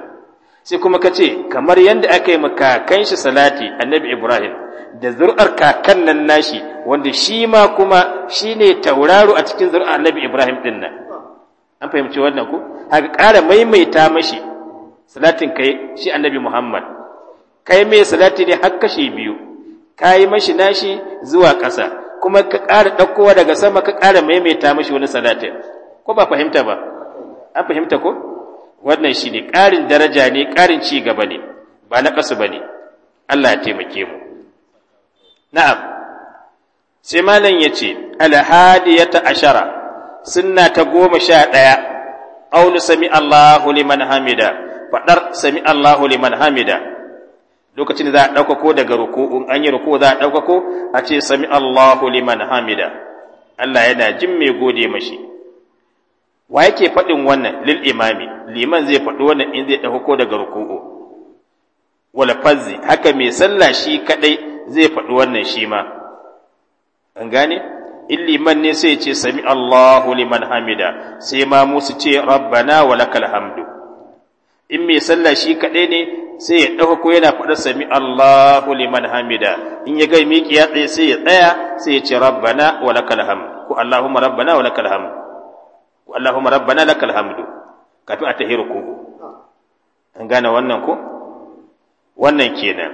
sai kuma ka ce kamar yadda aka yi kakan shi salati annabi Ibrahim da zur'ar kakan nan nashi wanda shi ma kuma shine tauraro a cikin zur'ar annabi Ibrahim din nan an fahimci wannan ko haka ƙara maimaita mashi salatin kai shi annabi Muhammad kai mai salati ne har kashi biyu kai mashi nashi zuwa ƙasa kuma ka ƙara ɗaukowa daga sama ka ƙara maimaita mashi wani salatin ko ba fahimta ba an fahimta ko wannan shi ne ƙarin daraja ne ƙarin ci gaba ne ba na ƙasu ba ne Allah ya taimake mu na'am sai malam ya ce alhadiyata ashara sunna ta goma sha ɗaya aulu sami Allahu liman hamida faɗar sami Allahu liman hamida lokacin da za a ɗaukako daga in an yi ruku za a ɗaukako a ce sami Allahu liman hamida Allah yana jin mai gode mashi wa yake faɗin wannan lil imami liman zai faɗi wannan in zai ɗaukako daga ruku'u wala fazzi haka mai sallah shi kaɗai zai faɗi wannan shi ma an gane Illiman ne sai ce sami Allahu liman hamida sai ma musu ce rabbana wa lakal hamdu in mai sallah shi kaɗai ne sai ya ɗauka ko yana faɗa sami Allahu liman hamida in ya gai miƙi ya tsaye sai ya tsaya sai ya ce rabbana wa lakal hamdu ko Allahumma rabbana wa lakal hamdu ko Allahumma rabbana lakal hamdu kafin a tahiru ko an gane wannan ko wannan kenan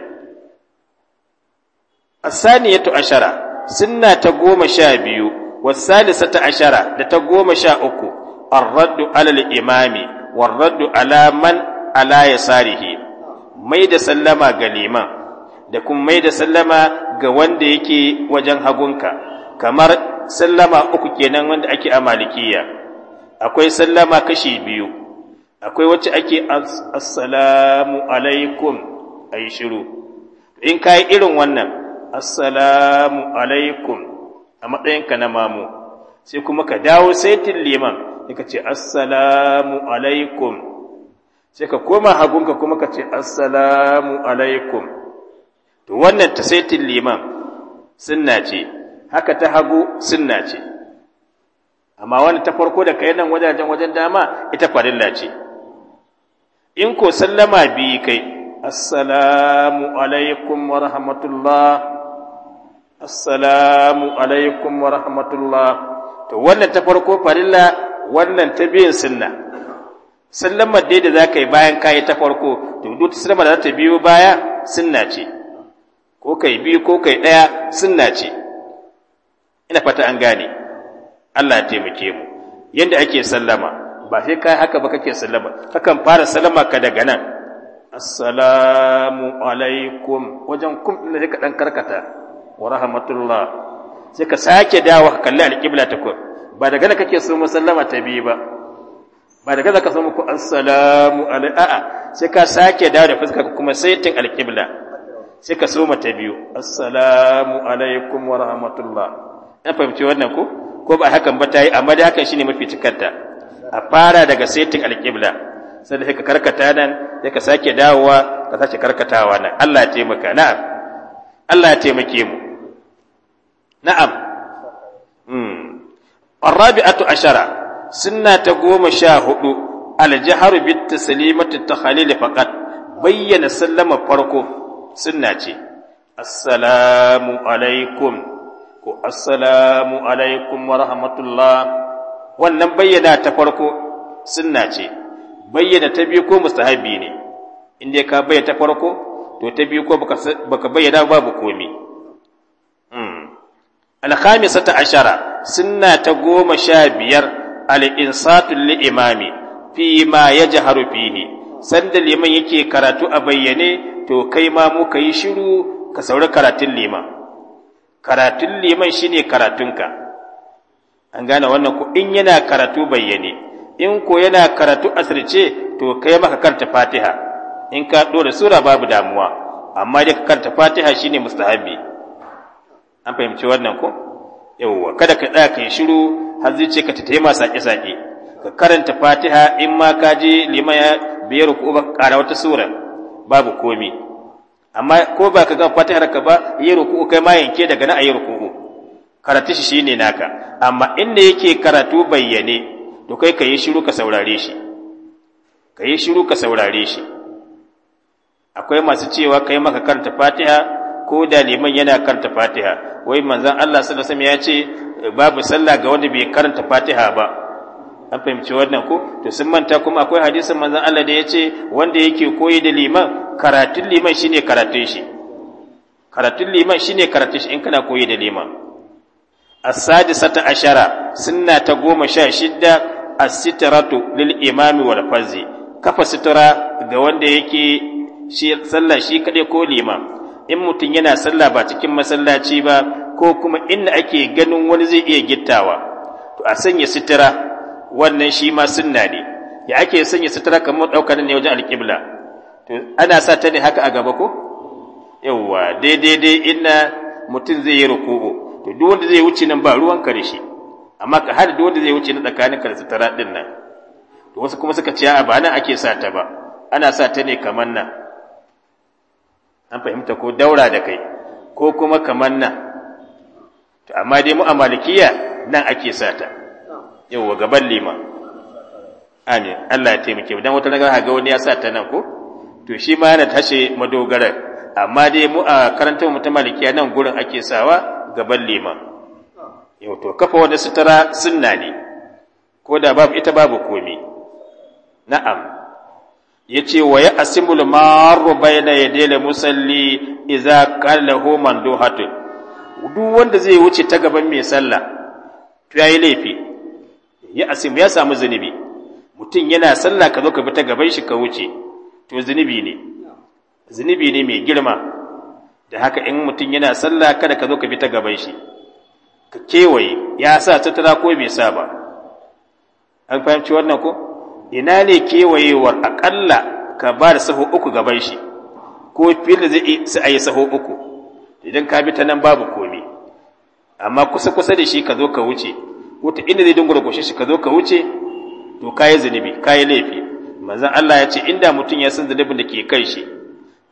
asaniyatu ashara sunna ta goma sha biyu wasalisa ta ashara da ta goma sha uku arraddu alal imami warraddu ala man ala sarihi mai da sallama ga liman da kuma mai da sallama ga wanda yake wajen hagunka kamar sallama uku kenan wanda ake a malikiya akwai sallama kashi biyu akwai wacce ake assalamu alaikum ayi shiru in kai irin wannan assalamu alaikum a matsayinka na mamu sai kuma ka dawo saitin liman ka ce assalamu alaikum sai ka koma hagunka kuma ka ce assalamu alaikum to wannan ta saitin liman sunna ce haka ta hagu sunna ce amma wani ta farko da kai nan wajajen wajen dama ita farilla ce in ko sallama biyu kai assalamu alaikum wa rahmatullah assalamu alaikum wa rahmatullah to wannan ta farko farilla wannan ta biyan sunna sallamar dai da za ka yi bayan kayi ta farko to duk sallama da za ta biyo baya sunna ce ko kai biyu ko kai ɗaya sunna ce ina fata an gane Allah ya taimake mu yadda ake sallama ba sai kai haka ba kake sallama kakan fara sallama ka daga nan assalamu alaikum wajen kum da ka dan karkata wa rahmatullah sai ka sake dawo ka kalli alƙibla ta kuwa ba daga da kake so musallama ta biyu ba ba daga da ka so muku assalamu alai'a sai ka sake dawo da fuska ka kuma saitin alƙibla sai ka so ta biyu assalamu alaikum wa rahmatullah ya fahimci wannan ko ko ba hakan ba ta yi amma da hakan shine mafi cikarta a fara daga setin alƙibla sai da ka karkata nan sai ka sake dawowa ka sake karkatawa nan Allah ya taimaka na Allah ya taimake mu na'am hmm arabi'atu ashara sunna ta goma sha hudu aljaharu bit taslimati takhalil faqat bayyana sallama farko sunna ce assalamu alaikum ko assalamu alaikum wa rahmatullah wannan bayyana ta farko sunna ce bayyana ta biyu ko mustahabi ne inda dai ka bayyana ta farko to ta biyu ko baka bayyana babu komai ta ashara sunna ta goma sha biyar al'insatul li'imami fi ma ya jaharu fihi sanda liman yake karatu a bayyane to kai ma muka yi shiru ka sauri karatun liman karatun liman shine karatunka an gane wannan ko in yana karatu bayyane in ko yana karatu asirce to kai maka karta fatiha in ka ɗora sura babu damuwa amma dai ka karta fatiha shine mustahabi an fahimci wannan ko yawwa kada ka tsaya ka yi shiru har zai ce ka ta taima sake-sake ka karanta fatiha in ma ka je limaya biyar ko ba ƙara wata sura babu komi amma ko ba ka ga fatihar ka ba yi ruku'u kai ma yanke daga na ayi ruku'u karatu shi shine naka amma inda yake karatu bayyane to kai ka yi shiru ka saurare shi ka yi shiru ka saurare shi akwai masu cewa kai maka karanta fatiha ko da liman yana karanta fatiha wai manzon Allah sallallahu alaihi ya ce babu sallah ga wanda bai karanta fatiha ba an fahimci wannan ko to sun manta kuma akwai hadisin manzon Allah da ya ce wanda yake koyi da liman karatun liman shine karatun shi karatun liman shine karatun shi in kana koyi da liman as-sadisata ashara sunna ta goma sha shidda as-sitratu lil imami wal fazi kafa sitra ga wanda yake shi sallah shi kaɗai ko liman in mutum yana sallah ba cikin masallaci ba ko kuma inda ake ganin wani zai iya gittawa to a sanya sitira wannan shi ma sunna ne ya ake sanya sitira kamar ɗaukar ne wajen alƙibla to ana sa ta ne haka a gaba ko yawwa daidai dai inda mutum zai yi ruku'u to duk wanda zai wuce nan ba ruwan da shi amma ka har duk wanda zai wuce na tsakanin ka da sitira din nan to wasu kuma suka ce a ba nan ake sa ta ba ana sa ta ne kamar nan an fahimta ko daura da kai ko kuma kamar nan to amma dai mu a malikiya nan ake sata yauwa gaban lima amin Allah ya taimake mu dan wata daga ga wani ya sata nan ko to shi ma yana tashe madogara amma dai mu a karantar mu ta malikiya nan gurin ake sawa gaban lima yau to kafa wani sutura sunna ne ko da babu ita babu komi na'am ya ce wa ya asimul maru bayna ya musalli idza iza kallahu manduhatun duk wanda zai wuce ta gaban mai sallah to yayi laifi ya asim ya samu zunubi mutum yana sallah ka zo ka bi ta gaban shi ka wuce to zunubi ne zunubi ne mai girma da haka in mutum yana sallah kada ka zo ka bi ta gaban shi ka kewaye ya sa tattara ko bai sa ba an fahimci wannan ko ina ne kewayewar aƙalla ka ba da saho uku gaban shi ko fili da zai su ayi yi saho uku idan ka bi ta nan babu komi amma kusa kusa da shi ka zo ka wuce ko ta inda zai dungura goshe shi ka zo ka wuce to ka yi zunubi ka yi laifi manzon Allah ya ce inda mutum ya san zunubin da ke kan shi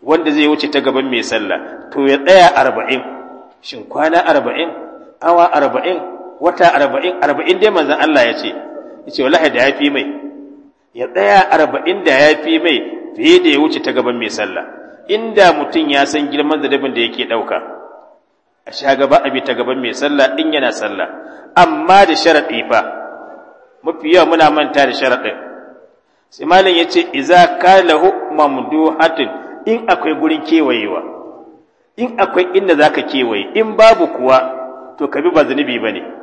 wanda zai wuce ta gaban mai sallah to ya tsaya arba'in shin kwana arba'in awa arba'in wata arba'in arba'in dai manzon Allah ya ce ya ce wallahi da ya fi mai ya tsaya arba'in da ya fi mai fiye da ya wuce ta gaban mai sallah inda mutum ya san girman zadabin da yake ɗauka a sha gaba a bi ta gaban mai sallah in yana sallah amma da sharaɗi fa mafi yawa muna manta da sharaɗin sai malam ya ce iza kalahu mamduhatin in akwai gurin kewayewa in akwai inda za ka kewaye in babu kuwa to ka bi ba zunubi ne.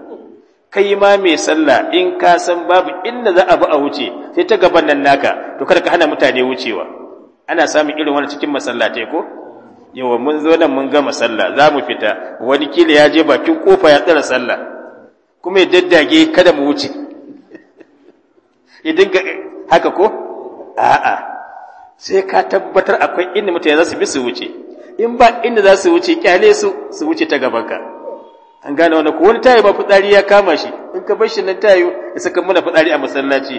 kai ma mai sallah in ka san babu inda za a bi a wuce sai ta gaban nan naka to kada ka hana mutane wucewa ana samun irin wani cikin masallatai ko yawa mun zo nan mun gama sallah za mu fita wani kila ya je bakin kofa ya tsara sallah kuma ya daddage kada mu wuce idan haka ko a'a sai ka tabbatar akwai inda mutane za su bi su wuce in ba inda za su wuce kyale su su wuce ta gaban ka an gane wannan ko wani tayi ba fitsari ya kama shi in ka bar shi nan tayi ya saka mana fitsari a masallaci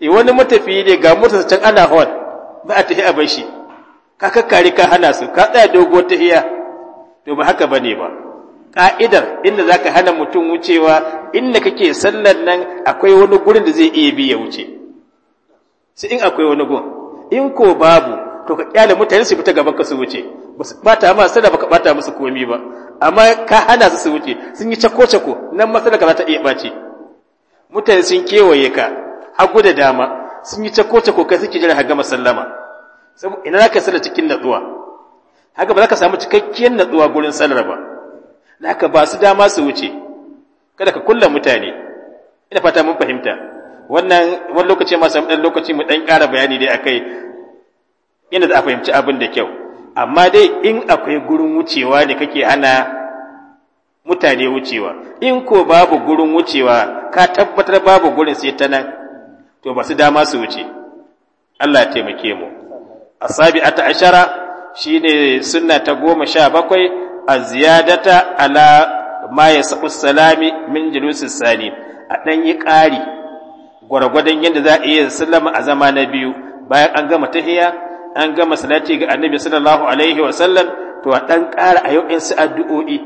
eh wani matafiyi ne ga motar can ana hawan ba a tafi a bar shi ka kakkare ka hana su ka tsaya doguwar tahiya to ba haka bane ba ka'idar inda zaka hana mutum wucewa inda kake sallar nan akwai wani gurin da zai iya bi ya wuce sai in akwai wani gun in ko babu to ka kyale mutane su fita gaban ka su wuce bata ma sada baka bata musu komi ba amma ka hana su su wuce sun yi cako cako nan masala ka za ta iya ɓaci mutane sun kewaye ka hagu da dama sun yi cako cako kai suke jira haga masallama Sabu ina za ka sallar cikin natsuwa haka ba za ka samu cikakkiyar natsuwa gurin sallar ba da haka ba su dama su wuce kada ka kulla mutane ina fata mun fahimta wannan wani lokaci ma samu dan lokaci mu dan ƙara bayani dai akai yana da a fahimci abin da kyau amma dai in akwai gurin wucewa ne kake hana mutane wucewa in ko babu gurin wucewa ka tabbatar babu gurin sai ta nan to ba su dama su wuce Allah ya taimake mu asabi ata ashara shine sunna ta goma sha bakwai a ziyadata ala ma ya saku salami min julusin sani a ɗan yi ƙari gwargwadon yadda za a iya sallama a zama na biyu bayan an gama tahiya an gama salati ga annabi sallallahu alaihi wa sallam to a dan ƙara a yau su addu'o'i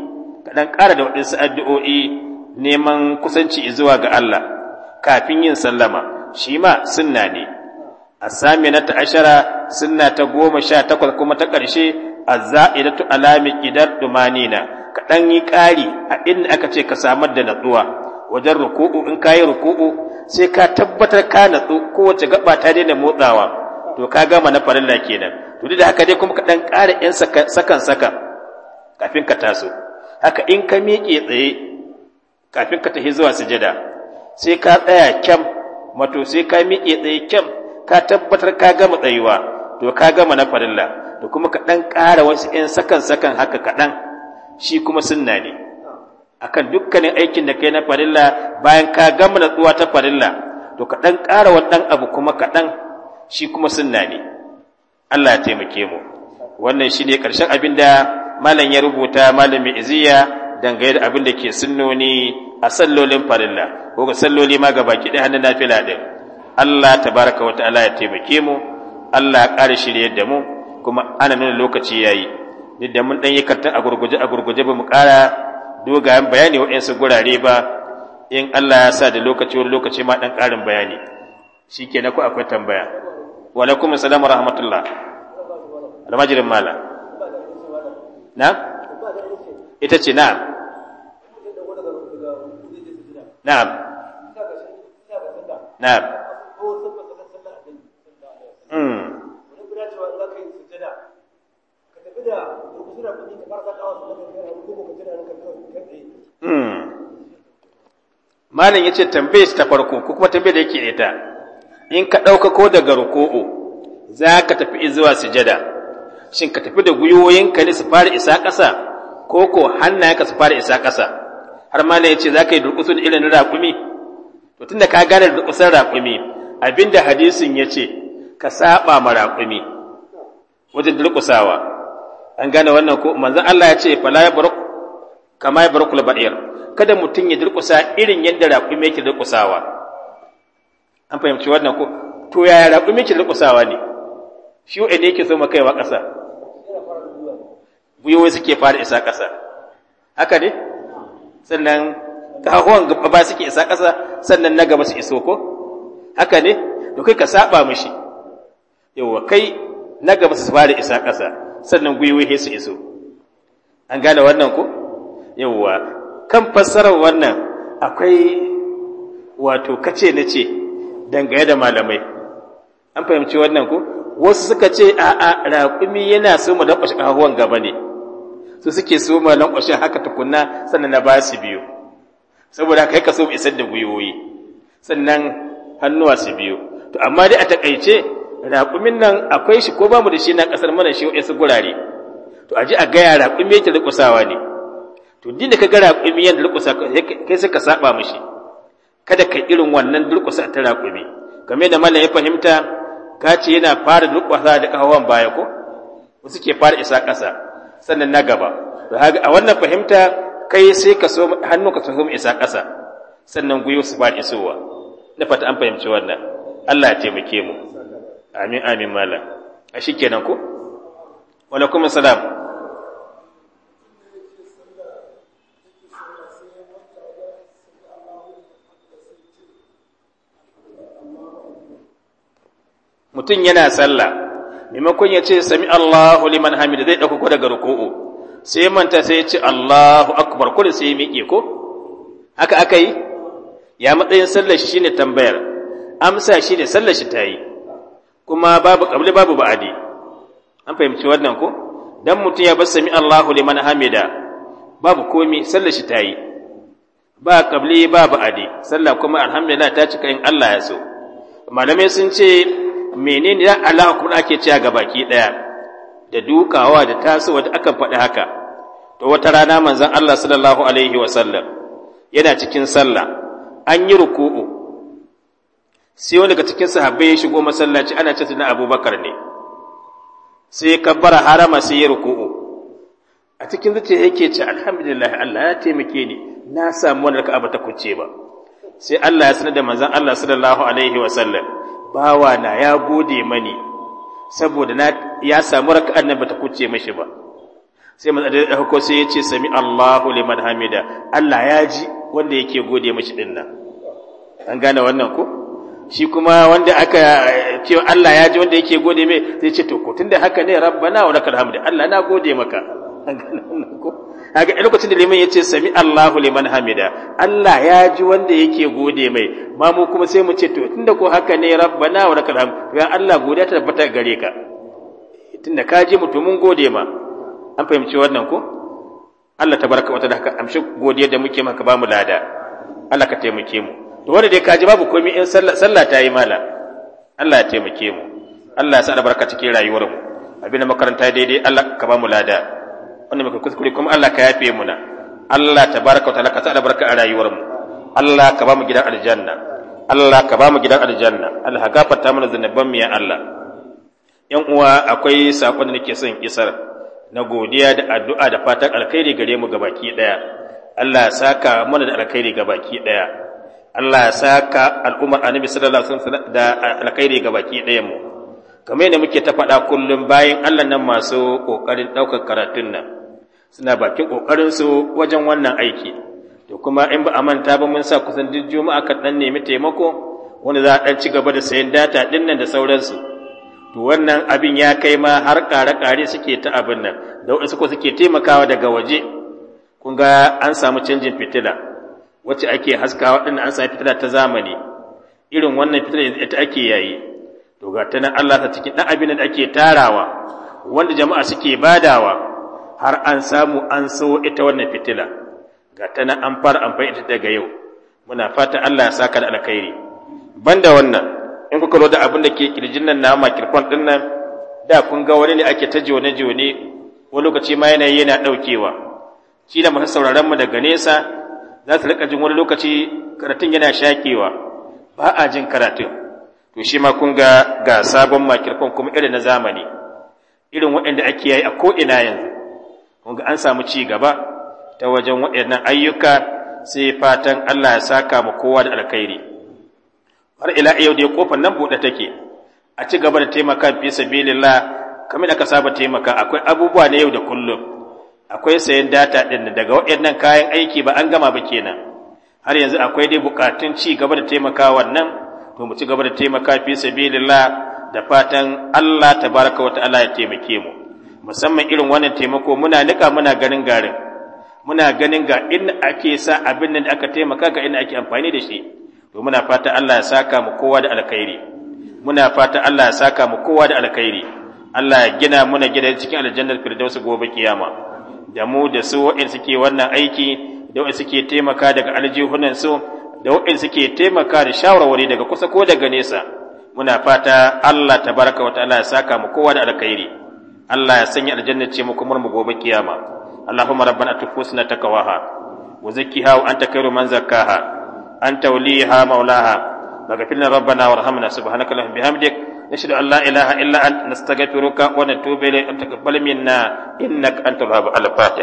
ka dan ƙara da waɗansu addu'o'i neman kusanci zuwa ga Allah kafin yin sallama shi ma sunna ne asamina ta ashara sunna ta goma sha takwas kuma ta ƙarshe azza'idatu alami qidar dumanina ka dan yi ƙari a inda aka ce ka samar da natsuwa wajen ruku'u in kayi ruku'u sai ka tabbatar ka natsu kowace gaba ta daina motsawa to ka gama na farilla kenan to duk da haka dai kuma ka dan ƙara yan sakan sakan kafin ka taso haka in ka miƙe tsaye kafin ka tafi zuwa sujada sai ka tsaya kyam mato sai ka miƙe tsaye kyam ka tabbatar ka gama tsayuwa to ka gama na farilla to kuma ka dan ƙara wasu yan sakan sakan haka kaɗan shi kuma sunna ne akan dukkanin aikin da kai na farilla bayan ka gama natsuwa ta farilla to ka dan ƙara wani abu kuma kaɗan shi kuma sunna ne Allah ya taimake mu wannan shine karshen abin da malam ya rubuta malamin iziya dangane da abin da ke sunnoni a sallolin farilla ko ga salloli ma ga baki ɗaya hannun nafila ɗin Allah baraka wa ta'ala ya taimake mu Allah ya ƙara shiryar da mu kuma ana nuna lokaci yayi duk da mun dan yi kartan a gurguje a gurguje ba mu ƙara dogayen bayani waɗansu gurare ba in Allah ya sa da lokaci wani lokaci ma ɗan ƙarin bayani shi ke na ku akwai tambaya wa salam wa rahmatullah almajirin mala na ita ce Na? Na? na Malin ya ce tambaye ta farko ko kuma tambayi da yake ita in ka ɗaukako daga ruku'u za ka tafi zuwa sujada shin ka tafi da gwiwoyinka ne su fara isa ƙasa ko ko hannayenka su fara isa ƙasa har ma ya ce za ka yi da irin raƙumi to tunda ka gane durƙusan raƙumi abinda hadisin ya ce ka saɓa ma raƙumi wajen durƙusawa an gane wannan ko manzon Allah ya ce fala ya barku kama ya barku kada mutum ya durƙusa irin yadda raƙumi yake durƙusawa an fahimci wannan ko to yaya raƙu miki durƙusawa ne shi wa'in yake so wa ƙasa gwiwoyi suke fara isa ƙasa haka ne sannan kahuwan gaba suke isa ƙasa sannan na gaba su iso ko haka ne to kai ka saba mishi yawa kai na gaba su fara isa ƙasa sannan gwiwoyi su iso an gane wannan ko yawa kan fassarar wannan akwai wato kace na ce dangane da malamai an fahimci wannan ko wasu suka ce a'a raƙumi yana so mu lankwashe kahuwan gaba ne su suke so mu lankwashe haka tukunna sannan na ba su biyu saboda kai ka so mu isar da gwiwoyi sannan hannuwa su biyu to amma dai a takaice raƙumin nan akwai shi ko ba mu da shi na ƙasar mana shi wasu gurare to a ji a gaya raƙumi yake lukusawa ne to din da ka ga raƙumi yadda lukusa kai sai ka saba mishi kada ka irin wannan durƙusa ta raƙumi game da mallam ya fahimta ka ce yana fara durƙusa da ƙahon baya ko wasu ke fara isa ƙasa sannan na gaba a wannan fahimta kai sai ka so hannu ka so isa ƙasa sannan gwiwa su fara isowa na fata an fahimci wannan Allah ya taimake mu amin amin malam a kenan ko wa alaikum salam mutum yana sallah maimakon ya ce sami Allahu liman hamida zai ɗauko daga ruku'u sai manta sai ya ce Allahu akbar kullum sai ya miƙe ko haka aka yi ya matsayin sallar shi ne tambayar amsa shi ne sallar shi ta yi kuma babu ƙabli babu ba'adi an fahimci wannan ko dan mutum ya bar sami Allahu liman hamida babu komi sallar shi ta yi ba ƙabli ba ba'adi sallah kuma alhamdulillah ta cika in Allah ya so malamai sun ce menene dan Allah kun ake cewa ga baki daya da dukawa da tasowa da aka faɗi haka to wata rana manzon Allah sallallahu alaihi wa sallam yana cikin sallah an yi ruku'u sai wani daga cikin sahabbai ya shigo masallaci ana cewa na Abubakar ne sai kabbara harama sai ya ruku'u a cikin zuciya yake ce alhamdulillah Allah ya taimake ni na samu wannan raka'a ba ta kuce ba sai Allah ya sanar da manzon Allah sallallahu alaihi wa sallam bawa na ya gode mani saboda na ya samu raka'an nan bata kuce mishi ba sai matsalar da hako sai ya ce sami Allahu liman hamida Allah ya ji wanda yake gode mishi din nan an gane wannan ko shi kuma wanda aka ce Allah ya ji wanda yake gode mai zai ce to ko tunda haka ne rabbana wa lakal hamdu Allah na gode maka an gane wannan ko kaga a lokacin da liman yace sami Allahu liman hamida Allah ya ji wanda yake gode mai ma mu kuma sai mu ce to tunda ko haka ne rabbana wa lakal hamd ya Allah godiya ta tabbata gare ka tunda ka ji mutum mun gode ma an fahimci wannan ko Allah tabaraka wa ta'ala amshi godiya da muke maka ba mu lada Allah ka taimake mu to wanda dai ka ji babu komai in sallah sallah ta yi mala Allah ya taimake mu Allah ya sa albarka cikin rayuwar mu abin makaranta daidai Allah ka ba mu lada wanda muka kuskure kuma Allah ka yafe muna Allah tabaraka wa ta'ala ka sa albarka a rayuwarmu. mu Allah ka ba mu gidan aljanna Allah ka ba mu gidan aljanna Allah ka gafarta mana zunuban mu ya Allah yan uwa akwai sakon da nake son isar na godiya da addu'a da fatan alkhairi gare mu gabaki daya Allah ya saka mana da alkhairi gabaki daya Allah ya saka al'ummar annabi sallallahu alaihi wasallam da alkhairi gabaki daya mu kamar yadda muke ta faɗa kullum bayan Allah nan masu ƙoƙarin ɗaukar karatun nan suna bakin ƙoƙarinsu wajen wannan aiki To kuma in ba a manta ba mun sa kusan duk juma'a ka ɗan nemi taimako wanda za a ɗan ci gaba da sayan data ɗin nan da sauransu to wannan abin ya kai ma har ƙare-ƙare suke ta abin nan da waɗansu ko suke taimakawa daga waje kun ga an samu canjin fitila wacce ake haskawa ɗin an samu fitila ta zamani irin wannan fitila ita ake yayi to ga ta nan Allah ta cikin ɗan abin da ake tarawa wanda jama'a suke badawa har an samu an so ita wannan fitila ga ta nan an fara amfani ita daga yau muna fata Allah ya saka da alkhairi banda wannan in kuka lura da abin da ke kirjin nan na makirfon din nan da kun ga wani ne ake ta jone jone wani lokaci ma yanayi yana daukewa shi da masu sauraron mu daga nesa za su rika jin wani lokaci karatun yana shakewa ba a jin karatun to shi ma kun ga ga sabon makirfon kuma irin na zamani irin waɗanda ake yayi a ko ina yanzu Mun ga an samu ci gaba ta wajen waɗannan ayyuka sai fatan Allah ya saka mu kowa da alkhairi har ila yau da kofar nan buɗe take a ci gaba da taimaka fi sabilillah kamar da ka saba taimaka akwai abubuwa na yau da kullum akwai sayan data ɗin daga waɗannan kayan aiki ba an gama ba kenan har yanzu akwai dai bukatun ci gaba da taimaka wannan to mu ci gaba da taimaka fi sabilillah da fatan Allah tabaraka wa ta'ala ya taimake mu musamman irin wannan taimako muna nika muna ganin garin muna ganin ga inda ake sa abin da aka taimaka ga inda ake amfani da shi to muna fata Allah ya saka mu kowa da alkhairi muna fata Allah ya saka mu kowa da alkhairi Allah ya gina muna gidan cikin aljannar firdaus gobe kiyama da mu da su wa'in suke wannan aiki da wa'in suke taimaka daga aljihunan su da wa'in suke taimaka da shawarwari daga kusa ko daga nesa muna fata Allah tabaraka wa ta'ala ya saka mu kowa da alkhairi Allah ya sanya aljanna ce mu kuma mu gobe kiyama Allahumma rabbana atik husna takawaha wa zakkiha wa anta khairu man zakkaha anta waliha maulaha maghfir rabbana warhamna subhanaka allahumma bihamdik nashhadu an la ilaha illa anta nastaghfiruka wa natubu ilayk anta taqabbal minna innaka antal wahhab al-fatiha